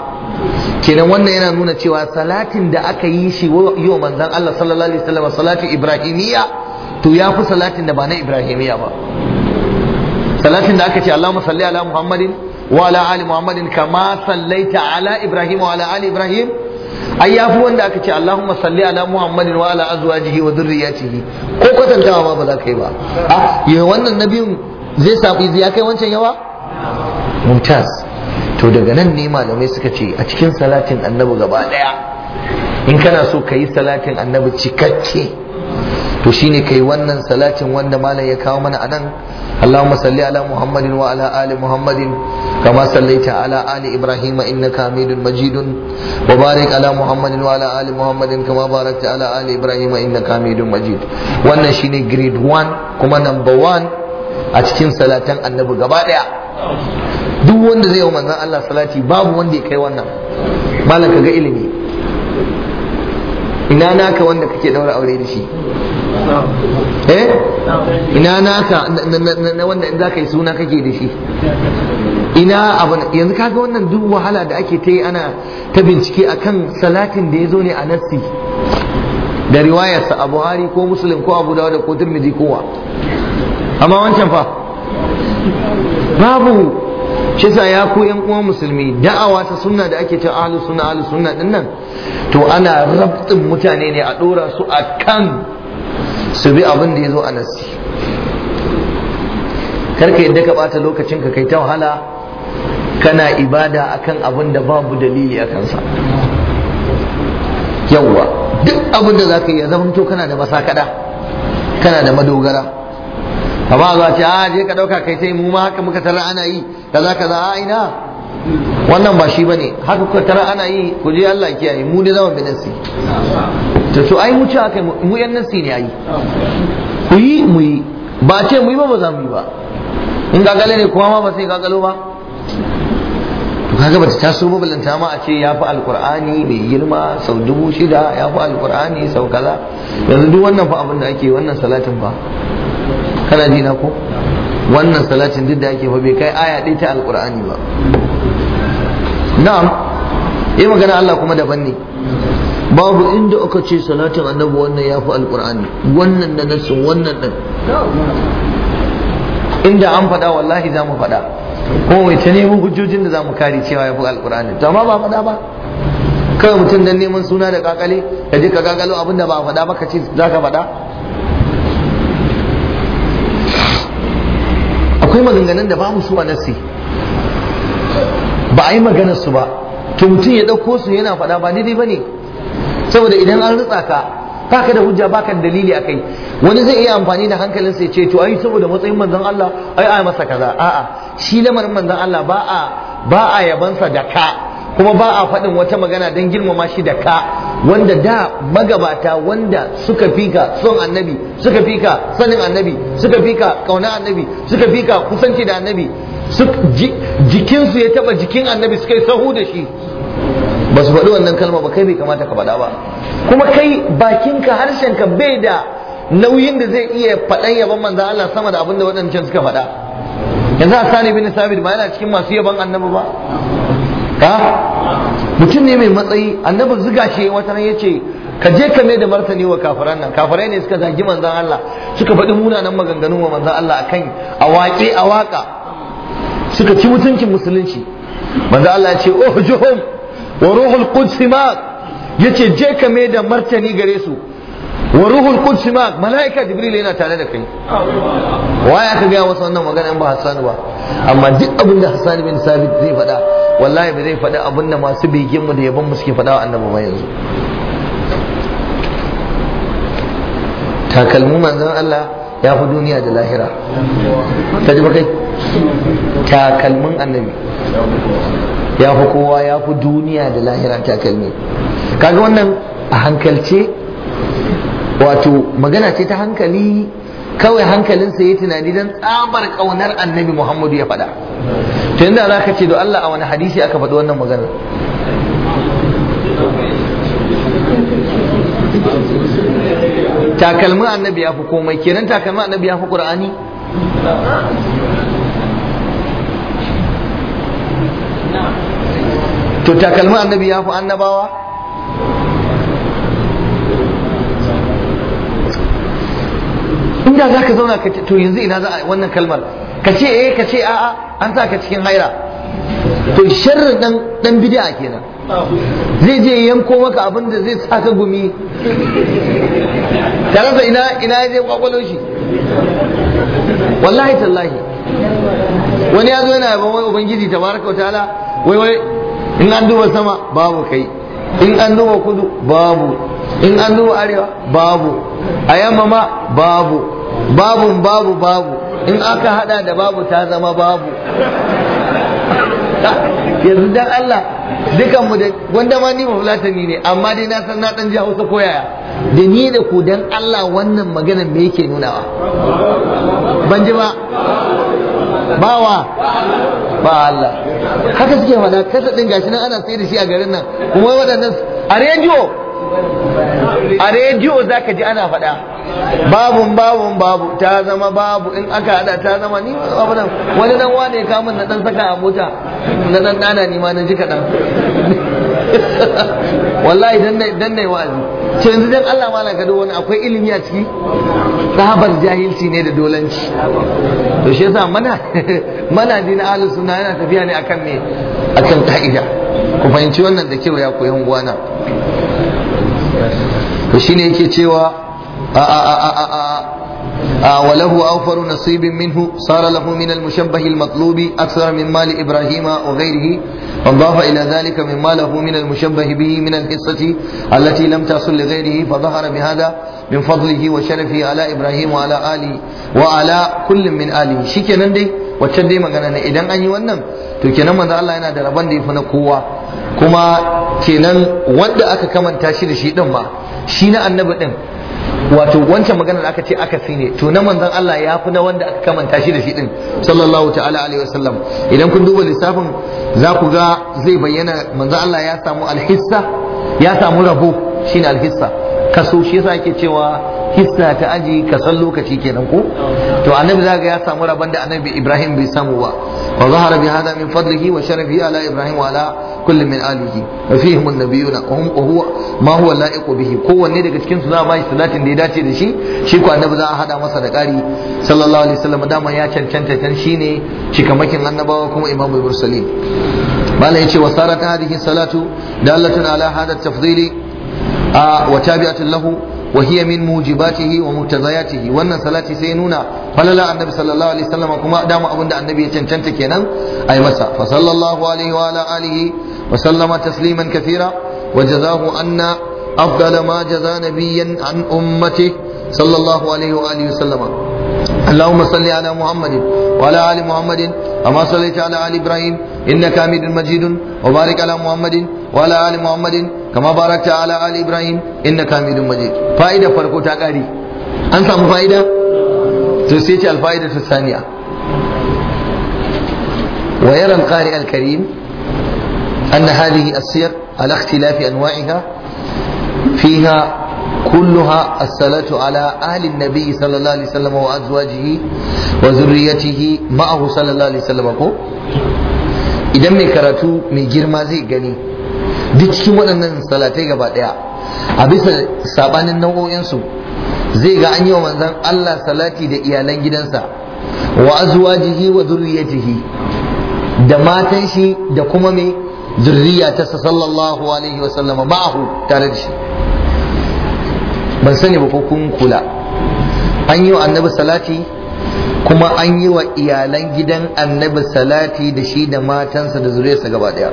kenan wannan yana nuna cewa salatin da aka yi shi yi wa manzon Allah sallallahu alaihi wasallam salatu ibrahimiyya to ya fi salatin da ba na ibrahimiya ba salatin da aka ce Allahumma salli ala Muhammadin wa ala ali Muhammadin kama sallaita ala Ibrahim wa ala ali Ibrahim ai fi wanda aka ce Allahumma salli ala Muhammadin wa ala azwajihi wa dhurriyyatihi ko kwatantawa ma ba za ka yi ba a yi wannan nabiyin zai sabu ya kai wancan yawa mumtaz to daga nan ne malamai suka ce a cikin salatin annabi gaba daya in kana so ka yi salatin annabi cikakke to shine kai wannan salatin wanda malam ya kawo mana anan Allahumma salli ala Muhammadin wa ala ali Muhammadin kama sallaita ala ali Ibrahim innaka Hamidun Majidun wa barik ala Muhammadin wa ala ali Muhammadin kama barakta ala ali Ibrahim innaka Hamidun Majid wannan shine grade 1 kuma number 1 a cikin salatan annabi gaba daya duk wanda zai yi manzon Allah salati babu wanda ya kai wannan malam kaga ilimi ina naka wanda kake daura aure da shi eh ina naka na wanda in zaka yi suna kake da shi ina abu yanzu kaga wannan duk wahala da ake ta yi ana ta bincike akan salatin da ya zo ne a nassi da riwayarsa a buhari ko muslim ko abu dawud ko turmiji kowa amma wancan fa babu shi sa ya ku yan uwan musulmi da'awa ta sunna da ake cewa ahlus sunna ahlus sunna din nan to ana rabtin mutane ne a dora su a kan su bi abin da ya zo a nasi karka yadda ka bata lokacin ka kai ta wahala kana ibada akan abin da babu dalili a kansa yawwa duk abin da za ka yi ya zama to kana da masakada kana da madogara ba za ce a ah, je ka dauka kai sai mu ma haka muka tara ana yi kaza kaza a ah, ina wannan ba shi bane haka kuka tara ana yi ku je Allah ya kiyaye mu ne zama bi nasi to to ai mu ce aka mu yan nan ne ai ku yi mu yi ba ce mu yi ba ba za mu yi ba in gagale ne kuma ma ba sai gagalo ba to kaga bata taso ba balanta ma a ce ya fi alkur'ani mai girma sau dubu shida ya fi alkur'ani sau kaza yanzu duk wannan fa abin da ake wannan salatin ba kana ji na ko wannan salatin duk da ake fa bai kai aya ɗaya ta alqur'ani ba na'am eh magana Allah kuma daban ne babu inda aka ce salatin annabi wannan ya fi alkur'ani wannan da nasu wannan din inda an faɗa wallahi za mu faɗa ko mai ta neman hujjojin da za mu kare cewa ya fi alkur'ani to amma ba faɗa ba kawai mutum dan neman suna da kakale ka je ka gagalo abin da ba faɗa ba ka ce za ka faɗa akwai maganganun da babu su a nasi ba a yi maganar su ba to mutum ya ɗauko su yana faɗa ba daidai ba ne saboda idan an rutsa ka baka da hujja baka da dalili akai wani zai iya amfani da hankalin ya ce to ai saboda matsayin manzon Allah a ai masa kaza a'a shi lamarin manzon Allah ba a ba a yabansa da ka kuma ba a faɗin wata magana don girmama shi da ka wanda da magabata wanda suka fika son annabi suka fika sanin annabi suka fika ƙauna annabi suka fika kusanci da annabi jikinsu ya taba jikin annabi suka yi sahu da shi ba su faɗi wannan kalma ba kai bai kamata ka faɗa ba kuma kai bakinka harshenka bai da nauyin da zai iya faɗan yabon manza Allah sama da abin da waɗancan suka faɗa yanzu a sani bin sabit ba yana cikin masu yaban annabi ba ha mutum ne mai matsayi annabi ziga shi wata ran yace ka je ka mai da martani wa kafiran nan kafirai ne suka zagi manzan Allah suka faɗi munanan maganganun wa manzon Allah akan a waƙe a waƙa suka ci mutuncin musulunci manzon Allah ya ce oh juhum wa ruhul quds ma yace je ka mai da martani gare su wa ruhul quds ma malaika jibril yana tare da kai wa ya ka gaya wasu wannan magana ba Hassan ba amma duk abin da Hassan bin Sabit zai faɗa wallahi ba zai faɗa abin da masu begen mu da yabon mu suke faɗa wa annabi ba yanzu takalmu manzon Allah ya fi duniya da lahira ta ji kai takalmin annabi ya fi kowa ya fi duniya da lahira takalmi kaga wannan a hankalce wato magana ce ta hankali kawai hankalinsa ya tunani don tsabar ƙaunar annabi muhammadu ya faɗa to yadda za ka ce da Allah a wani hadisi aka faɗi wannan maganar takalmin annabi ya fi komai kenan takalmin annabi ya fi ƙur'ani to takalmin annabi ya fi annabawa inda za ka zauna to yanzu ina za a wannan kalmar ka ce eh ka ce a'a an sa ka cikin haira to sharri dan dan bid'a kenan zai je yanko maka abin da zai tsaka gumi tare ina ina zai kwakwalo shi wallahi tallahi wani ya zo yana yaban wai ubangiji tabaraka wa ta'ala wai wai in an duba sama babu kai in an duba kudu babu in an duba arewa babu a yamma ma babu babun babu babu in aka hada da babu ta zama babu yanzu dan Allah dukan mu da wanda ma ni fulatani ne amma dai na san na dan ji Hausa ko yaya da ni da ku dan Allah wannan maganar me yake nunawa ban ji ba bawa ba Allah haka suke faɗa kasa ɗin gashi nan ana sai da shi a garin nan kuma waɗannan a rediyo a rediyo za ka ji ana faɗa babun babun babu ta zama babu in aka haɗa ta zama ni abu wani nan wane ya kamun na ɗan saka a mota na ɗan ɗana ni ma na ji kaɗan wallahi dan ne wa'azi ce yanzu dan Allah malam ka wani akwai ilimi a ciki sahabar jahilci ne da dolanci to shi yasa mana mana din ahlus sunna yana tafiya ne akan me akan ka'ida ku fahimci wannan da kyau ya koyan gwana to shine yake cewa a a a a a وله أوفر نصيب منه صار له من المشبه المطلوب أكثر من مال إبراهيم وغيره وضاف إلى ذلك مما له من المشبه به من الحصة التي لم تصل لغيره فظهر بهذا من فضله وشرفه على إبراهيم وعلى آله وعلى كل من آله شكرا دي wacce dai magana ne idan an yi wannan to kenan manzo Allah yana da rabon da yafi na kowa kuma kenan wanda aka kamanta shi da shi din ma shi na annabi din wato wancan maganar aka ce aka fi ne to na manzon Allah ya fi na wanda aka kamanta shi da shi din sallallahu ta'ala alaihi wasallam idan kun duba lissafin za ku ga zai bayyana manzon Allah ya samu alhissa ya samu rabo shine alhissa kaso shi yasa ake cewa hissa ta aji ka san lokaci kenan ko to annabi zaka ya samu rabon da annabi Ibrahim bai samu ba wa zahara bi hada min fadlihi wa sharafihi ala Ibrahim wa ala kulli min alihi wa fihim annabiyuna hum huwa ma huwa la'iqu bihi kowanne daga cikin su za a bashi salatin da ya dace da shi shi ko annabi za a hada masa da ƙari sallallahu alaihi wasallam dama ya cancanta tan shine cikamakin annabawa kuma imamul mursalin bala yace wa sarat hadhihi salatu dalatun ala hada tafdili wa tabi'atun lahu wa hiya min mujibatihi wa muktazayatihi wannan salati sai nuna falala annabi sallallahu alaihi wasallam kuma dama abin da annabi ya cancanta kenan ai masa fa sallallahu alaihi wa ala alihi wa sallama tasliman kathira wa jazahu anna afdala ma jaza nabiyyan an sallallahu alaihi wa wa اللهم صل على محمد وعلى آل محمد كما صليت على آل إبراهيم إنك حميد مجيد وبارك على محمد وعلى آل محمد kama barakta ala ali ibrahim innaka hamidun majid fa'ida farko ta kare an samu fa'ida to sai ce alfa'ida ta saniya wa yara alqari alkarim أن هذه السير على اختلاف أنواعها فيها كلها الصلاة على أهل النبي صلى الله عليه وسلم وأزواجه وذريته معه صلى الله عليه وسلم إذا من كراتو من جرمازي قليل duk cikin waɗannan salatai gaba ɗaya a bisa sabanin nau'o'insu zai ga an yi wa manzan Allah salati da iyalan gidansa wa azwajihi wa zurriyatihi da matan shi da kuma mai zurriya ta sallallahu alaihi wa sallama ma'ahu tare da shi ban sani ba ko kun kula an yi wa annabi salati kuma an yi wa iyalan gidan annabi salati da shi da matansa da zuriyarsa gaba ɗaya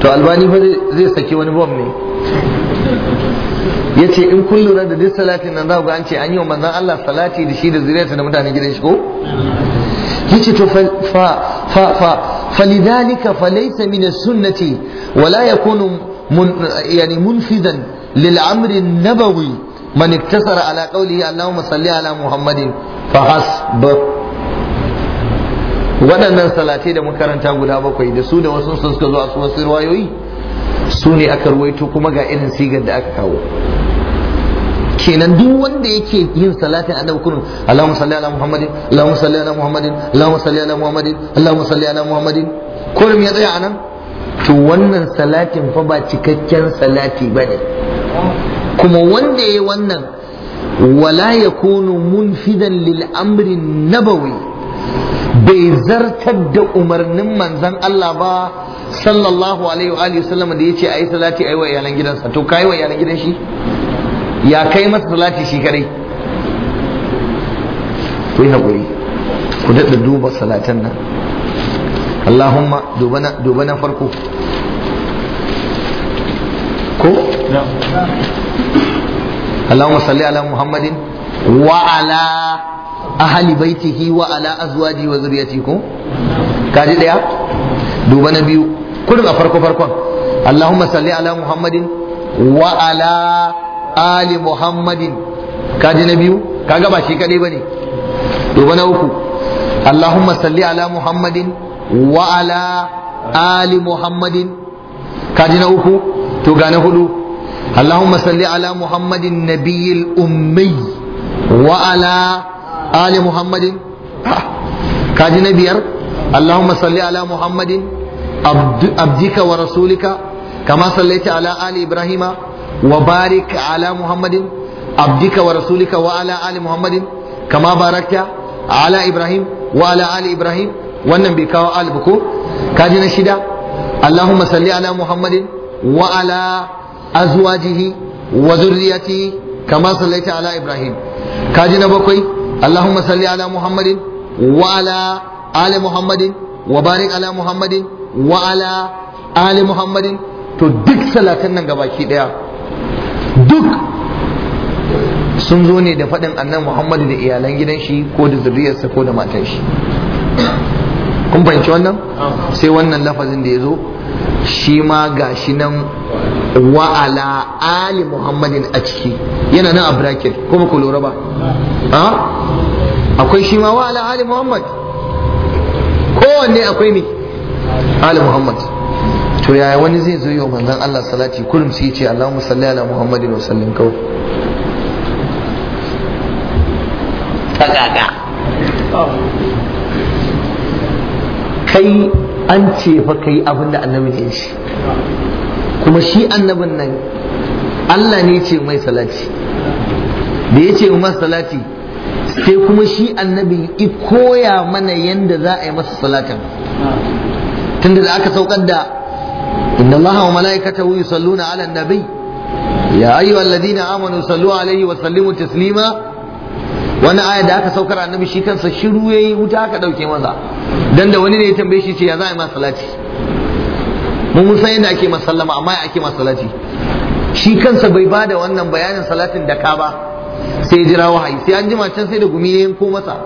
to albani fa zai saki wani bom ne ya ce in kun lura da duk salatin nan za ku an ce an yi wa manzan Allah salati da shi da zuriyarsa da mutanen gidan shi ko ya ce to fa fa fa falidhalika falaysa min as-sunnati wala yakunu yani munfidan lil amri an-nabawi man iktasara ala qawlihi allahumma salli ala muhammadin fa waɗannan salatai da makaranta guda bakwai da su da wasu sun suka zo a wasu wayoyi, su ne aka ruwaito kuma ga irin sigar da aka kawo kenan duk wanda yake yin salatin annabi kullum Allahumma salli ala Muhammadin Allahumma salli ala Muhammadin Allahumma salli ala Muhammadin Allahumma salli ala Muhammadin kullum ya tsaya anan to wannan salatin fa ba cikakken salati bane kuma wanda yayi wannan wala yakunu munfidan lil amri nabawi bai zartar da umarnin manzan Allah ba sallallahu alaihi wa sallam da yace ayi salati ayi wa iyalan gidansa to kai wa iyalan gidan shi ya kai masa salati shi kare ku yi hakuri ku daɗa duba salatan nan Allahumma duba na farko ko Allahumma salli ala Muhammadin wa ala Ahali baitihi wa ala azwaji wa zuriyatikum kaji daya duba na biyu kudin a farko farkon Allahumma salli ala Muhammadin wa ala ali Muhammadin kaji na biyu kaga ba shi kadai bane duba na uku Allahumma salli ala Muhammadin wa ala ali Muhammadin kaji na uku to ga na hudu Allahumma salli ala Muhammadin nabiyil ummi wa ala ali muhammadin kaji na biyar allahumma salli ala muhammadin abdika wa rasulika kama sallaita ala ali ibrahima wa barik ala muhammadin abdika wa rasulika wa ali muhammadin kama barakta ala ibrahim wa ali ibrahim wannan bai kawo ali ba kaji na shida allahumma salli ala muhammadin wa azwajihi kama sallaita ala ibrahim kaji na bakwai اللهم صل على محمد وعلى آل محمد وبارك على محمد وعلى آل محمد to duk salatan nan gabaki ديا duk sun zo ne da faɗin annan muhammadu da iyalan gidan shi ko da zuriyarsa ko da matan shi kun fahimci wannan sai wannan lafazin da ya zo shi ma gashi nan wa ala ali muhammadin a ciki yana nan a bracket kuma ku lura ba akwai shi ma wa ala ali muhammad kowanne akwai ne ali muhammad to yaya wani zai zo yau manzon Allah salati kullum sai ce Allahumma salli ala muhammadin wa sallim kawai kaka kai an ce fa kai abinda annabi ne shi kuma shi annabin nan Allah ne ce mai salati da ya ce masa salati sai kuma shi annabi i koya mana yadda za a yi masa salatin tunda da aka saukar da inna Allah wa mala'ikatahu salluna 'ala an-nabi ya ayyuhal ladina amanu sallu alaihi wa sallimu taslima wani aya da aka saukar annabi shi kansa shiru yayi wuta aka dauke masa dan da wani ne ya tambaye shi ce ya za a yi masa salati mun san yadda ake masallama amma ya ake masalati shi kansa bai ba da wannan bayanin salatin da ka ba sai jira wahayi sai an jima can sai da gumi ya yanko masa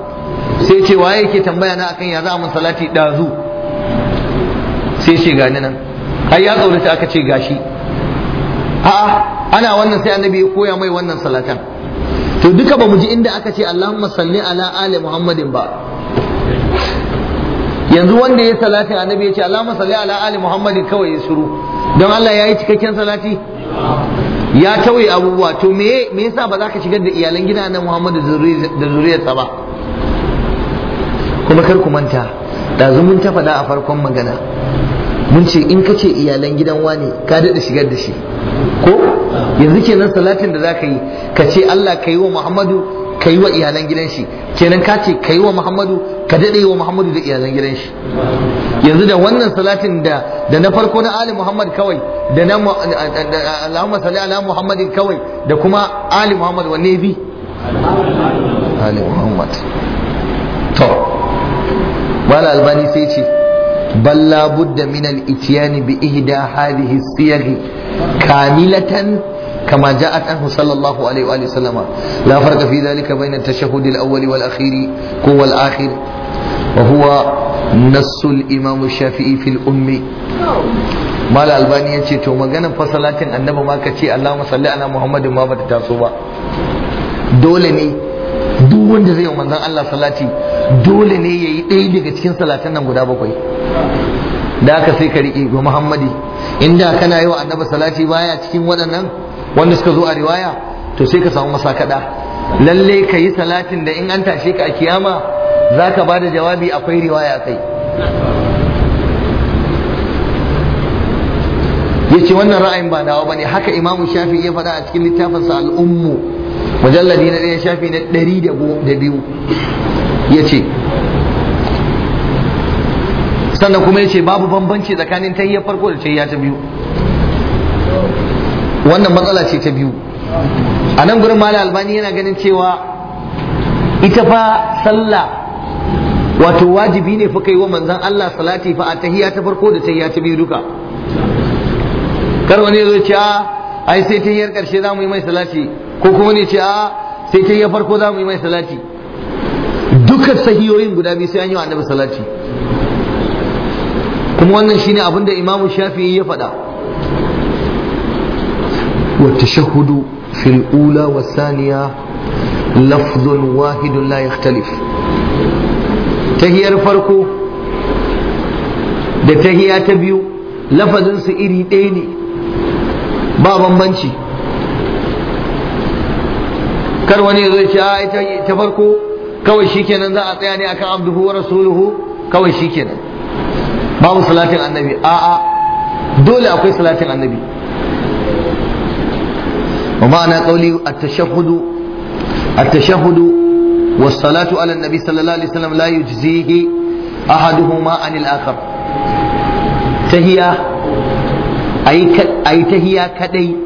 sai ce waye yake tambaya na akan ya za mu salati dazu sai ce gani nan har ya tsorata aka ce gashi a'a ana wannan sai annabi ya koya mai wannan salatan to duka ba mu ji inda aka ce Allahumma salli ala ali Muhammadin ba yanzu wanda ya salatin annabi ya ce Allahumma salli ala ali Muhammadu kawai ya shiru don Allah ya yi cikakken salati ya tauye abubuwa to me me yasa ba za ka shigar da iyalan gida na Muhammadu da zuriyarsa ba kuma kar ku manta da mun ta faɗa a farkon magana mun ce in ka ce iyalan gidan wane ka daɗa shigar da shi ko yanzu kenan salatin da za ka yi ka ce Allah ka yi wa Muhammadu ka yi wa iyalan gidan shi kenan ka ce ka yi wa muhammadu ka daɗe wa muhammadu da iyalan gidan shi yanzu da wannan salatin da da na farko na ali muhammad kawai da na allahumma salli ala muhammadin kawai da kuma ali muhammad wanne bi ali muhammad to mala albani sai ce bal budda min al-ityani bi ihda hadhihi siyaghi kamilatan كما جاءت عنه صلى الله عليه وآله وسلم لا فرق في ذلك بين التشهد الأول والأخير قوة الآخر وهو نص الإمام الشافعي في الأم ما albani ya ce to maganin fasalatin annabi ma ka ce Allahumma salli Muhammadu ma ba dole ne duk wanda zai yi manzon Allah salati dole ne yayi ɗaya daga cikin salatan nan guda bakwai da aka sai ka riƙe ga Muhammadi inda kana yi wa annabi salati baya cikin waɗannan wanda suka zo a riwaya to sai ka samu masakaɗa, lalle ka yi salatin da in an tashe ka a kiyama za ka ba da jawabi akwai riwaya kai ya ce wannan ra'ayin ba dawa ba ne haka imamu shafi ya faɗa a cikin littafinsa al'ummu mujalladi na ɗaya shafi na ɗari da biyu ya ce sannan kuma ya ce babu bambanci tsakanin tayyar farko da ya ta biyu wannan matsala ce ta biyu a nan gurin malam albani yana ganin cewa ita fa sallah wato wajibi ne fa kai wa manzon Allah salati fa tahiyya ta farko da tahiyya ta biyu duka kar wani ya zo ce a ah, ai sai tahiyyar karshe za mu yi mai salati ko kuma ne ce a ah, sai tahiyyar farko za mu yi mai salati duka sahiyoyin guda biyu sai an yi wa annabi salati kuma wannan shine abin da imamu shafi'i ya faɗa والتشهد في الأولى والثانية لفظ واحد لا يختلف تهيار فرقو da tahiya ta biyu lafazinsu iri ɗaya ne ba bambanci kar wani ya zo ce a ita ta farko kawai shikenan za a tsaya ne akan abduhu wa rasuluhu kawai shikenan babu salatin annabi a'a dole akwai salatin annabi ومعنى قولي التشهد التشهد والصلاة على النبي صلى الله عليه وسلم لا يجزيه أحدهما عن الآخر تهيا أي أي تهيا كدي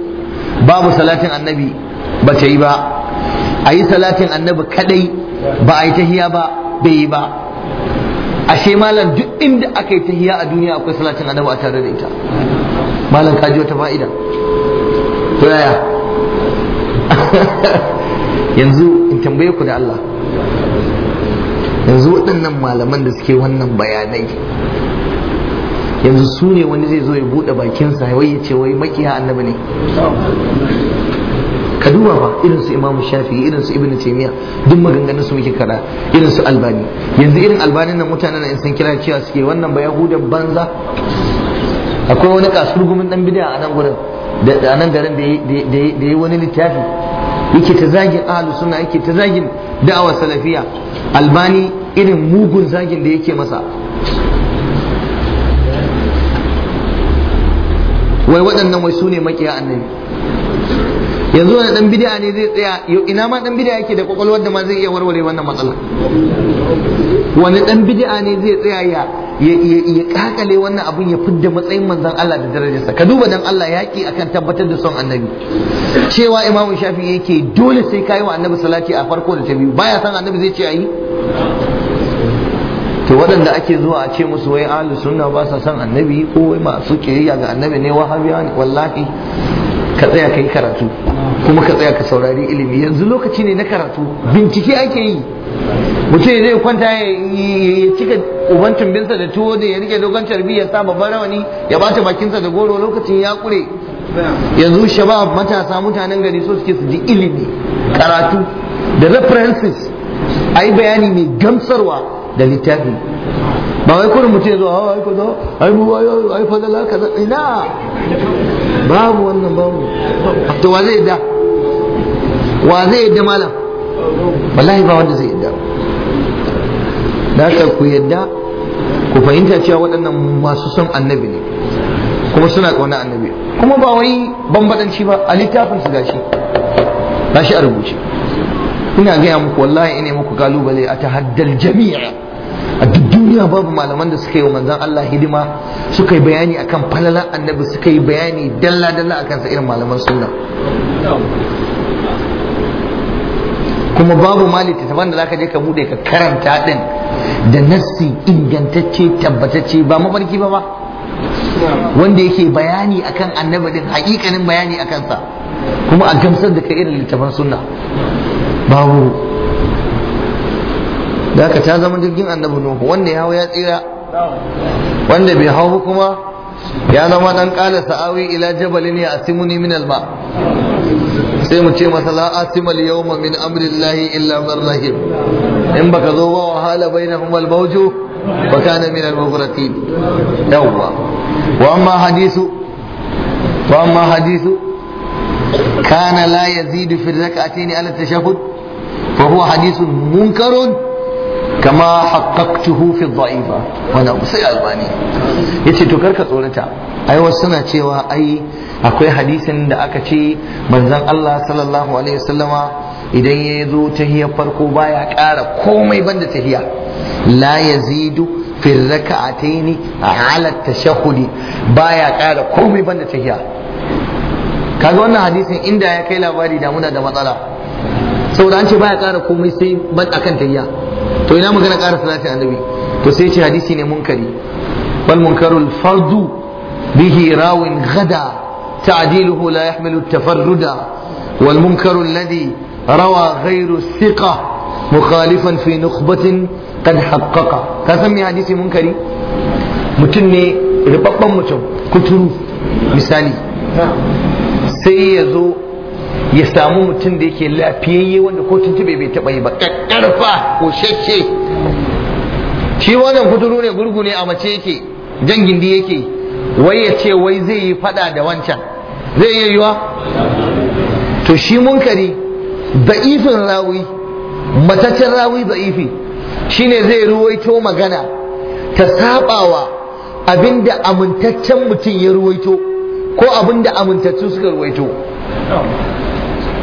باب صلاة النبي بتعيبا أي صلاة النبي كدي بأي تهيا با بيبا ashe malam duk inda aka yi tahiya a duniya akwai salatin annabi a tare da ita malam kaji wata fa'ida to yaya yanzu in tambaye ku da Allah yanzu waɗannan malaman da suke wannan bayanai yanzu su ne wani zai zo ya buɗe bakinsa wai ya ce wai makiya annabi ne ka duba ba irin su imamu shafi irin su ibnu taymiya duk maganganun su muke kada irin su albani yanzu irin albanin nan mutanen nan san kira cewa suke wannan ba yahudan banza akwai wani kasurgumin dan bid'a a nan gurin da nan garin da yi wani littafi yake ta zagin ahalus suna yake ta zagin da'awar salafiya albani irin mugun zagin da yake masa wai waɗannan wai su ne makiya annabi yanzu wani dan bid'a ne zai tsaya Yau ina ma dan bid'a yake da kwakwalwar da ma zai iya warware wannan matsala wani dan bid'a ne zai tsaya ya ya kakale wannan abun ya fidda matsayin manzon Allah da darajarsa ka duba dan Allah yaki akan tabbatar da son annabi cewa imamu shafi yake dole sai kai wa annabi salati a farko da ta biyu baya san annabi zai ce ayi to waɗanda ake zuwa a ce musu wai ahlus sunna ba sa son annabi ko wai masu kiyayya ga annabi ne wahabiya wallahi ka tsaya ka yi karatu kuma ka tsaya ka saurari ilimi yanzu lokaci ne na karatu bincike ake yi mutum zai kwanta ya cika uban tumbinsa da tuwo da ya rike dogon carbi ya sa babban rawani ya bata bakinsa da goro lokacin ya kure yanzu shabab matasa mutanen gari so suke su ji ilimi karatu da references a yi bayani mai gamsarwa da littafi ba wai kurin mutum ya zo a kaza ai yau ina babu wannan babu to wa zai yadda wa zai yadda malam wallahi ba wanda zai yadda da ka ku yadda ku fahimta cewa waɗannan masu son annabi ne kuma suna ƙauna annabi kuma ba wai bambadanci ba a littafin su gashi gashi a rubuce ina gaya muku wallahi ina muku kalubale a tahaddal jami'a a duk duniya babu malaman da suka yi wa manzan Allah hidima suka yi bayani akan falalan annabi suka yi bayani dalla dalla akan sa irin malaman suna kuma babu ma littattafan da zaka je ka bude ka karanta din da nassi ingantacce tabbatacce ba mafarki ba ba wanda yake bayani akan annabi din hakikanin bayani akan sa kuma a gamsar da ka irin littafan sunna babu da haka ta zama jirgin annabi nuhu wanda ya hau ya tsira wanda bai hau kuma ya zama dan kala sa'awi ila jabalin ya asimuni min alma sai mu ce masa la asima yawma min amrillahi illa man rahim in baka zo ba wahala bainahum al-mawju fa kana min al-mughraqin yawwa wa amma hadithu wa amma hadithu kana la yazidu fi rak'atayn ala tashahhud fa huwa hadithun munkarun kama haƙaƙtuhu fi dha'ifa wannan abu sai albani Ya ce to ka tsorata ai suna cewa ai akwai hadisin da aka ce manzon Allah sallallahu alaihi wasallama idan ya zo tahiyar farko baya ƙara komai banda tahiya la yazidu fi raka'ataini ala tashahudi baya ƙara komai banda tahiya kaga wannan hadisin inda ya kai labari da muna da matsala saboda an ce baya ƙara komai sai ban akan tahiya to ina magana ƙara salatin annabi to sai ce hadisi ne munkari bal munkarul fardu bihi rawin gada ta'diluhu la yahmilu tafarruda wal munkaru ladi rawa gairu thiqa mukhalifan fi nukhbatin qad haqqaqa ka san me hadisi munkari mutum ne ribabban mutum kuturu misali sai ya zo ya samu mutum da yake lafiyayye wanda ko tube bai taba yi ba ƙaƙƙarfa ko shacce shi wannan kuturu ne gurgu ne a mace yake jan gindi yake wai ya ce wai zai yi faɗa da wancan zai iya yiwa to shi munkari da'ifin rawi mataccen rawi da'ifi shine zai ruwaito magana ta sabawa abinda amintaccen mutum ya ruwaito ko abinda amintattu suka ruwaito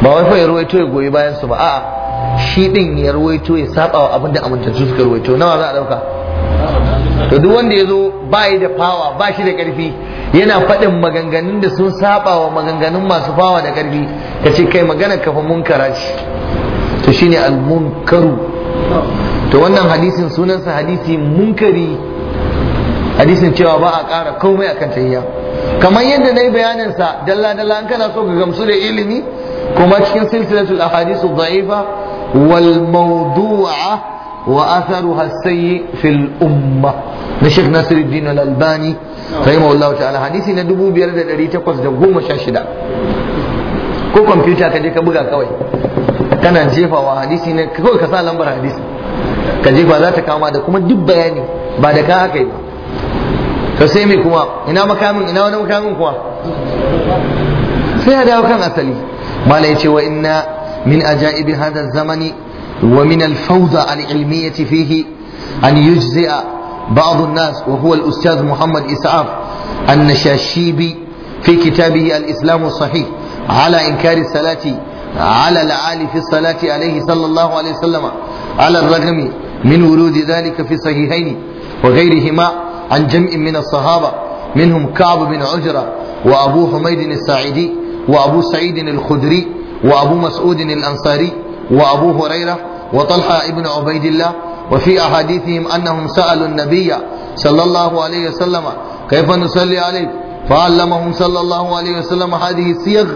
ba wai fa ya ruwaito ya goyi bayan su ba a'a shi din ya ruwaito ya saba wa abinda amintattu suka ruwaito nawa za a dauka to duk wanda ya zo ba yi da fawa ba shi da karfi yana faɗin maganganun da sun saba wa maganganun masu fawa da karfi ka ce kai magana kafa munkara ce to shine al munkaru to wannan hadisin sunansa hadisi munkari hadisin cewa ba a ƙara komai akan tayyiya kamar yadda na yi bayanin sa dalla dalla an kana so ka gamsu da ilimi kuma cikin silsilatul ahadisu da'ifa wal mawdu'a wa atharuha sayyi fil umma na Sheikh Nasiruddin Al-Albani rahimahullahu ta'ala hadisi na 2816 ko kwamfuta ka je ka buga kawai kana jefawa hadisi ne kawai ka sa lambar hadisi ka jefa za ta kama da kuma duk bayani ba da ka haka ba to sai mai kuma ina makamin ina wani makamin kuwa sai ya dawo kan asali mala yace wa inna min ajaibi hadha zamani wa min al-fawda al-ilmiyyati fihi an yujzi'a بعض الناس وهو الأستاذ محمد إسعاف النشاشيبي في كتابه الإسلام الصحيح على إنكار الصلاة على العالي في الصلاة عليه صلى الله عليه وسلم على الرغم من ورود ذلك في الصحيحين وغيرهما عن جمع من الصحابة منهم كعب بن عجرة وأبو حميد الساعدي وأبو سعيد الخدري وأبو مسعود الأنصاري وأبو هريرة وطلحة ابن عبيد الله وفي أحاديثهم أنهم سألوا النبي صلى الله عليه وسلم كيف نصلي عليه فعلمهم صلى الله عليه وسلم هذه الصيغ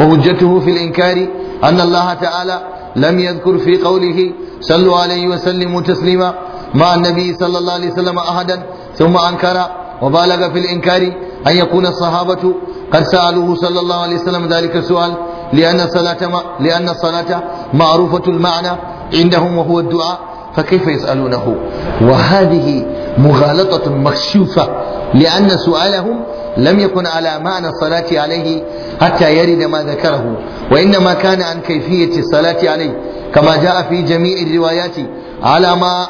وهجته في الإنكار أن الله تعالى لم يذكر في قوله صلوا عليه وسلموا تسليما مع النبي صلى الله عليه وسلم أحدا ثم أنكر وبالغ في الإنكار أن يكون الصحابة قد سألوه صلى الله عليه وسلم ذلك السؤال لأن الصلاة ما لأن الصلاة معروفة المعنى عندهم وهو الدعاء فكيف يسألونه وهذه مغالطة مكشوفة لأن سؤالهم لم يكن على معنى الصلاة عليه حتى يرد ما ذكره وإنما كان عن كيفية الصلاة عليه كما جاء في جميع الروايات على ما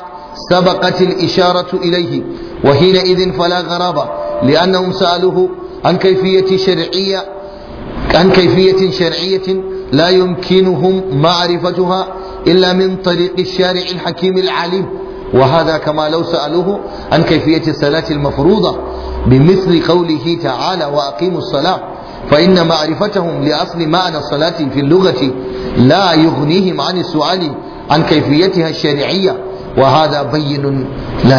سبقت الإشارة إليه وحينئذ فلا غرابة لأنهم سألوه عن كيفية شرعية عن كيفية شرعية لا يمكنهم معرفتها إلا من طريق الشارع الحكيم العليم وهذا كما لو سألوه عن كيفية الصلاة المفروضة بمثل قوله تعالى وأقيموا الصلاة فإن معرفتهم لأصل معنى الصلاة في اللغة لا يغنيهم عن السؤال عن كيفيتها الشرعية wa hada bayyinun la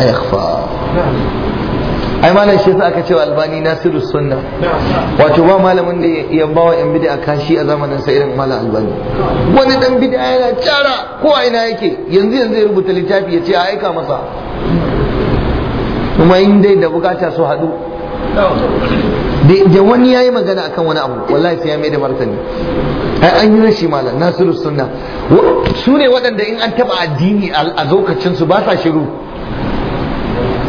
ai malam shi aka cewa albani nasiru sunna wato ba malamin da ya bawa yan bid'a kashi a zamanin sa irin malam albani wani dan bid'a yana cara ko a ina yake yanzu yanzu ya rubuta littafi ya ce a aika masa kuma in dai da bukata su haɗu da wani ya yi magana akan wani abu wallahi sai ya mai da martani ai an yi rashi malam nasiru sunna su ne waɗanda in an taɓa addini a lokacin su ba sa shiru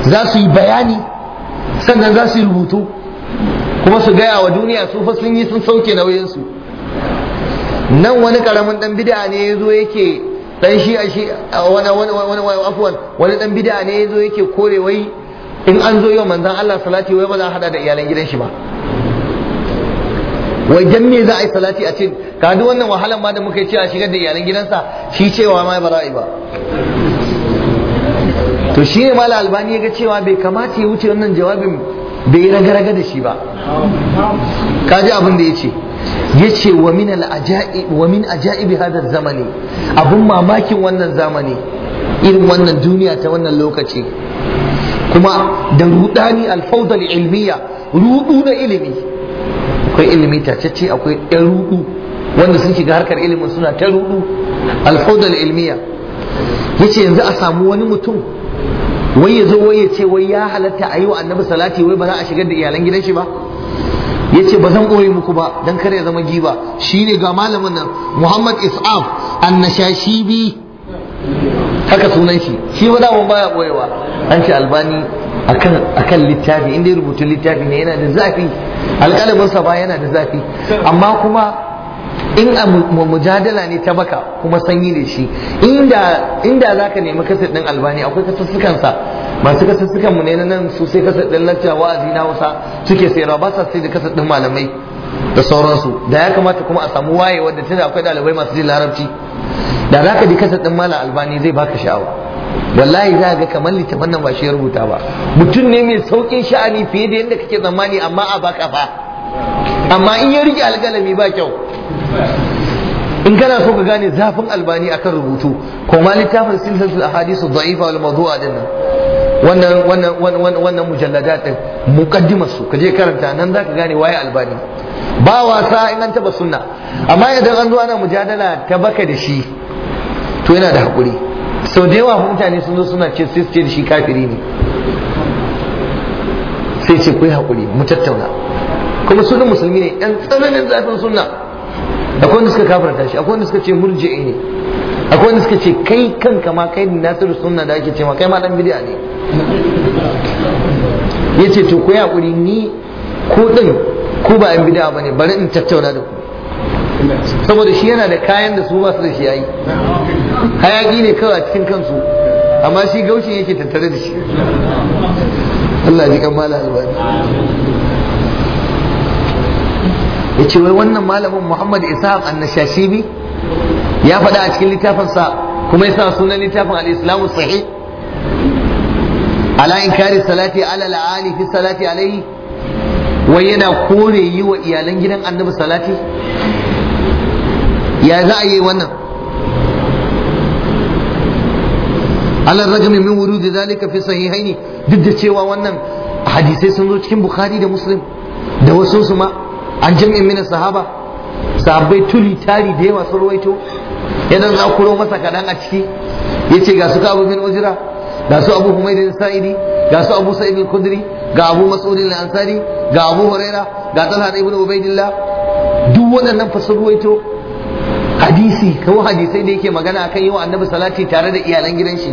za su yi bayani sannan za su yi rubutu kuma su gaya wa duniya su fa sun yi sun sauke nauyinsu nan wani karamin dan bid'a ne ya zo yake dan shi a shi wani wani wani wani dan bid'a ne ya zo yake kore wai in an zo yau manzan Allah salati wai ba za a hada da iyalan gidan shi ba wai dan me za a yi salati a ce ka duk wannan wahalan ma da muka ce a shigar da iyalan gidansa shi cewa ma ba Ra'ayi ba to shi ne mala albani ya ga cewa bai kamata ya wuce wannan jawabin bai raga-raga da shi ba ka ji abin da ya ce ya ce wa min ajaibi hadar zamani abin mamakin wannan zamani irin wannan duniya ta wannan lokaci kuma da rudani alfaudal ilmiya rudu na ilimi akwai ilimi tacece akwai yan ruɗu wanda sun shiga harkar ilimin suna ta rudu alhaudal ilmiya yace yanzu a samu wani mutum wai ya zo wai ya ce wai ya halatta a yi wa annabi salati wai ba za a shigar da iyalan gidan shi ba ya ce ba zan ɓoye muku ba don kar ya zama giba shi ne ga malamin nan muhammad is'af annashashibi haka sunan shi shi ba daman baya ba an shi albani akan littafi inda rubuta littafi ne yana da zafi alƙalaminsa ba yana da zafi amma kuma in a mujadala ne ta baka kuma sanyi da shi inda za ka nemi kasar ɗin albani akwai kasassukansa masu kasassukan mu ne na nan su sai kasar ɗin lacca wa'azi na wasa suke sayarwa ba sa sai da kasar ɗin malamai da sauransu da ya kamata kuma a samu waye wadda tana akwai ɗalibai masu jin larabci da za ka ji kasar ɗin malam albani zai baka sha'awa wallahi za ga kamar littafin nan ba shi ya rubuta ba mutum ne mai saukin sha'ani fiye da yadda kake tsammani amma a baka kafa. amma in ya rike alƙalami ba kyau in kana so ka gane zafin albani akan rubutu kuma littafin silsilatul a dha'ifa wal mawdu'a din nan wannan wannan wannan wannan su kaje karanta nan zaka gane waye albani ba wasa in an taba sunna amma idan an zo ana mujadala ta baka da shi to yana da hakuri sau da yawa mutane sun zo suna ce sai su ce da shi kafiri ne sai ce ku yi haƙuri mu tattauna kuma sunan musulmi ne ɗan tsananin zafin suna akwai wanda suka kafarta shi akwai wanda suka ce murji'i ne akwai wanda suka ce kai kanka ma kai nasiru suna da ake ce ma kai ma dan bid'a ne yace to ku hakuri ni ko din ku ba an ba ne, bari in tattauna da ku saboda shi yana da kayan da su ba su da shi yayi hayaki ne kawai a cikin kansu amma shi gaushin yake tattare da shi Allah ji kan mala albani ya ce wai wannan malamin Muhammad Ishaq annashashibi ya faɗa a cikin littafinsa kuma ya sa sunan littafin al-Islamu sahih ala inkari salati ala al fi salati alayhi wai yana kore yi wa iyalan gidan annabi salati ya za a yi wannan على الرغم من ورود ذلك في صحيحين duk da cewa wannan hadisai sun zo cikin bukhari da muslim da wasu su ma an jami'in mina sahaba sahabbai tuli tari da yawa sun ruwaito. ya dan zakuro masa kadan a ciki yace ga su kabu bin ujra ga su abu bin sa'idi ga su abu sa'id bin kudri ga abu mas'ud al-ansari ga abu huraira ga talha ibn ubaidillah duk waɗannan fa sun ruwaito. hadisi ko hadisai da yake magana akan yi wa annabi salati tare da iyalan gidan shi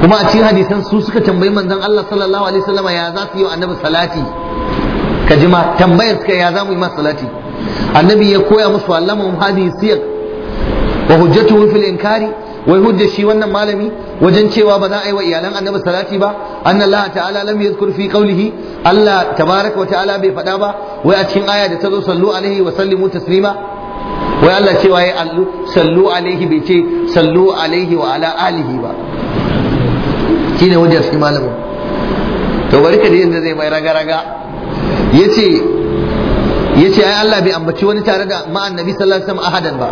kuma a cikin hadisan su suka tambayi manzon Allah sallallahu alaihi wasallam ya za su yi wa annabi salati ka jima tambayar suka ya za mu yi masa salati annabi ya koya musu allamahum hadisi wa hujjatuhu fil inkari wai hujjar shi wannan malami wajen cewa ba za a yi wa iyalan annabi salati ba anna Allah ta'ala lam yadhkur fi qawlihi Allah tabaraka wa ta'ala bai faɗa ba wai a cikin aya da ta zo sallu alaihi wa sallimu taslima wai Allah cewa ya sallu alaihi bai ce sallu alaihi wa ala alihi ba ne wajen shi malamin to bari ka da zai mai raga raga ya ce ai Allah bai ambaci wani tare da ma annabi sallallahu alaihi wasallam ahadan ba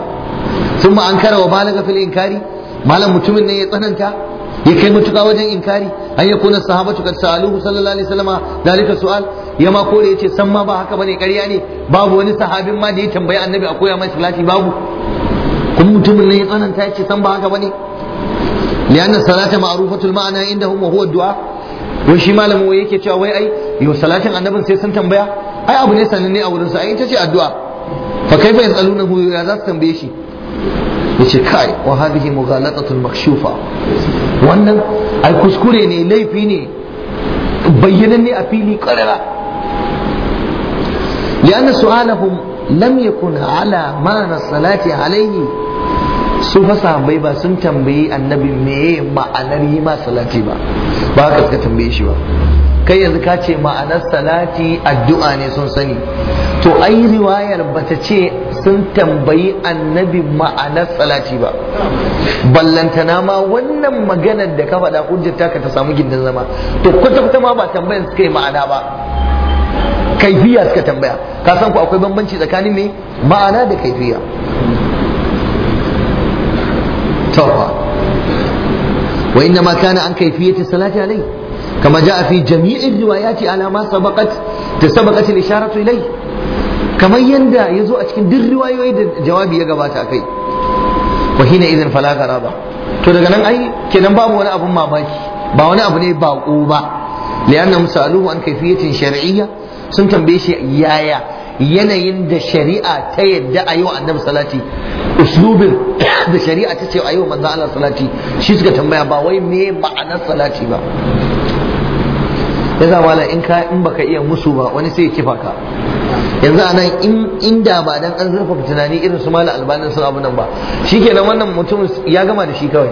sun ma kara wa balaga fil inkari malam mutumin ne ya tsananta ya kai mutuka wajen inkari an kuna sahabatu kan sa'aluhu sallallahu alaihi wasallam dalika su'al ya ma kore yace san ma ba haka bane ƙarya ne babu wani sahabin ma da ya tambayi annabi a koya mai salati babu kun mutumin ne ya tsananta ce san ba haka bane lianna salata ma'rufatul ma'ana inda huwa huwa du'a wai shi malamin wai yake cewa wai ai yo salatin annabin sai sun tambaya ai abu ne sananne a wurin sa ai ta ce addu'a fa kaifa hu ya za su tambaye shi yace kai wa hadhihi mughalatatul makshufa wannan ai kuskure ne laifi ne bayyananne a fili ƙarara. لأن سؤالهم لم يكن على معنى الصلاة عليه su fa sahabbai ba sun tambayi annabi me ma'anar yi ma salati ba ba ka suka tambaye shi ba kai yanzu ka ce ma'anar salati addu'a ne sun sani to ai riwayar bata ce sun tambayi annabi ma'anar salati ba ballantana ma wannan maganar da ka faɗa hujjar ka ta samu gindin zama to kwata-kwata ma ba tambayar suka yi ma'ana ba kaifiya suka tambaya ka san ku akwai bambanci tsakanin me ma'ana da kaifiya tawfa wa inna ma kana an kaifiyati salati alai kama ja'a fi jami'i riwayati ala ma sabaqat ta sabaqat al-isharatu ilai kamar yanda zo a cikin duk riwayoyi da jawabi ya gabata kai wa hina idan fala ba? to daga nan ai kenan babu wani abun mamaki ba wani abu ne bako ba li'anna musaluhu an kaifiyatin shar'iyya sun tambaye shi yaya yanayin da shari'a ta yadda a yi wa annabi salati uslubin da shari'a ta ce a yi wa manzan Allah salati shi suka tambaya ba wai me ma'anar salati ba za wala in ka in baka iya musu ba wani sai ya kifa ka yanzu anan in inda ba dan an zurfa tunani irin su mala albanin sun abu nan ba shikenan wannan mutum ya gama da shi kawai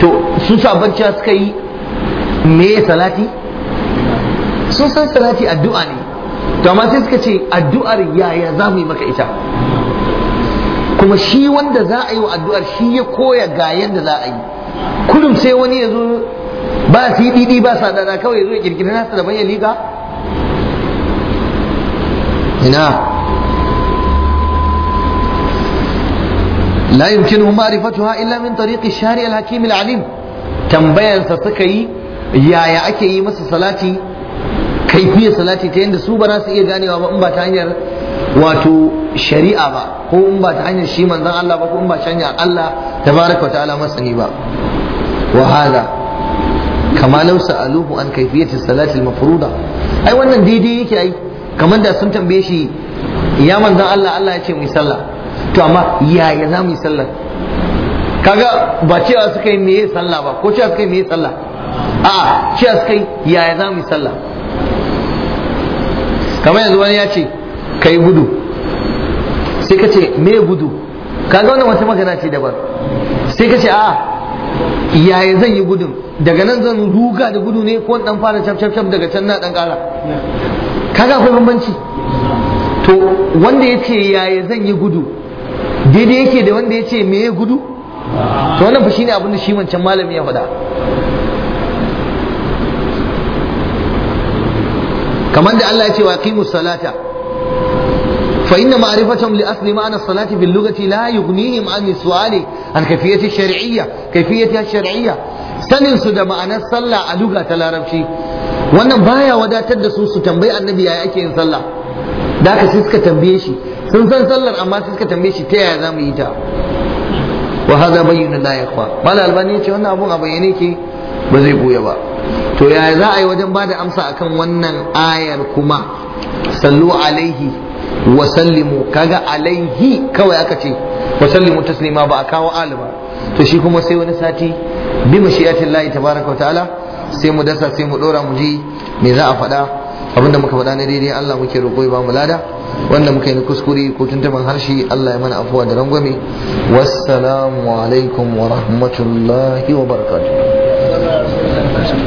to su sabanci suka yi me salati sun san salati addu'a ne to amma sai suka ce addu'ar yaya za mu yi maka ita kuma shi wanda za a yi wa addu'ar shi ya koya ga yadda za a yi kullum sai wani ya zo ba cdd ba sadada kawai ya zo ya kirkiri nasa da bayan liga ina لا يمكنه معرفتها إلا من طريق الشارع الحكيم العليم suka yi يا يا أكي مس صلاتي kaifiyar salati ta yadda su ba za su iya ganewa ba in ba ta hanyar wato shari'a ba ko in ba ta hanyar shi manzon Allah ba ko in ba ta hanyar Allah tabaraka wa ta'ala masani ba wa hada kama law sa'aluhu an kaifiyat salati al-mafruda ai wannan daidai yake ai kamar da sun tambaye shi ya manzon Allah Allah ya ce mu sallah to amma yaya za mu yi sallah kaga ba cewa suka yi meye sallah ba ko cewa suka yi meye sallah a'a cewa suka yi yaya za mu yi sallah kamar yanzu wani ya ce ka yi gudu sai ka ce me gudu Ka ga wannan wata magana ce daban sai ka ce a yaya zan yi gudun daga nan zan ruga da gudu ne ko dan fara cap cap daga can na dan kara ga akwai bambanci to wanda ya ce yaya zan yi gudu daidai yake da wanda ya ce me gudu to wannan fa shine abin da shi wancan malami ya faɗa kamar da Allah ya ce wa aqimus salata fa inna ma'rifatuhum li asli ma'ana salati bil lughati la yughnihim an su'ali an kayfiyati shar'iyya kayfiyati shar'iyya sanin su da ma'anar sallah a lugha ta larabci wannan baya wadatar da su su tambayi annabi yaya ake yin sallah da haka sai suka tambaye shi sun san sallar amma sai suka tambaye shi ta yaya za mu yi ta wa hadha bayyana la yakwa mal albani ya ce wannan abun a bayyane ke ba zai buya ba to yaya za a yi wajen ba da amsa akan wannan ayar kuma sallu alaihi wa sallimu kaga alaihi kawai aka ce wa sallimu taslima ba a kawo al to shi kuma sai wani sati bi mashiyatin ta tabaraka wa ta'ala sai mu dasa sai mu dora mu ji me za a faɗa abinda muka faɗa na daidai Allah muke roƙo ya ba mu lada wanda muka yi na kuskure ko tuntuban harshe Allah ya mana afuwa da rangwame wassalamu alaikum wa rahmatullahi wa barakatuh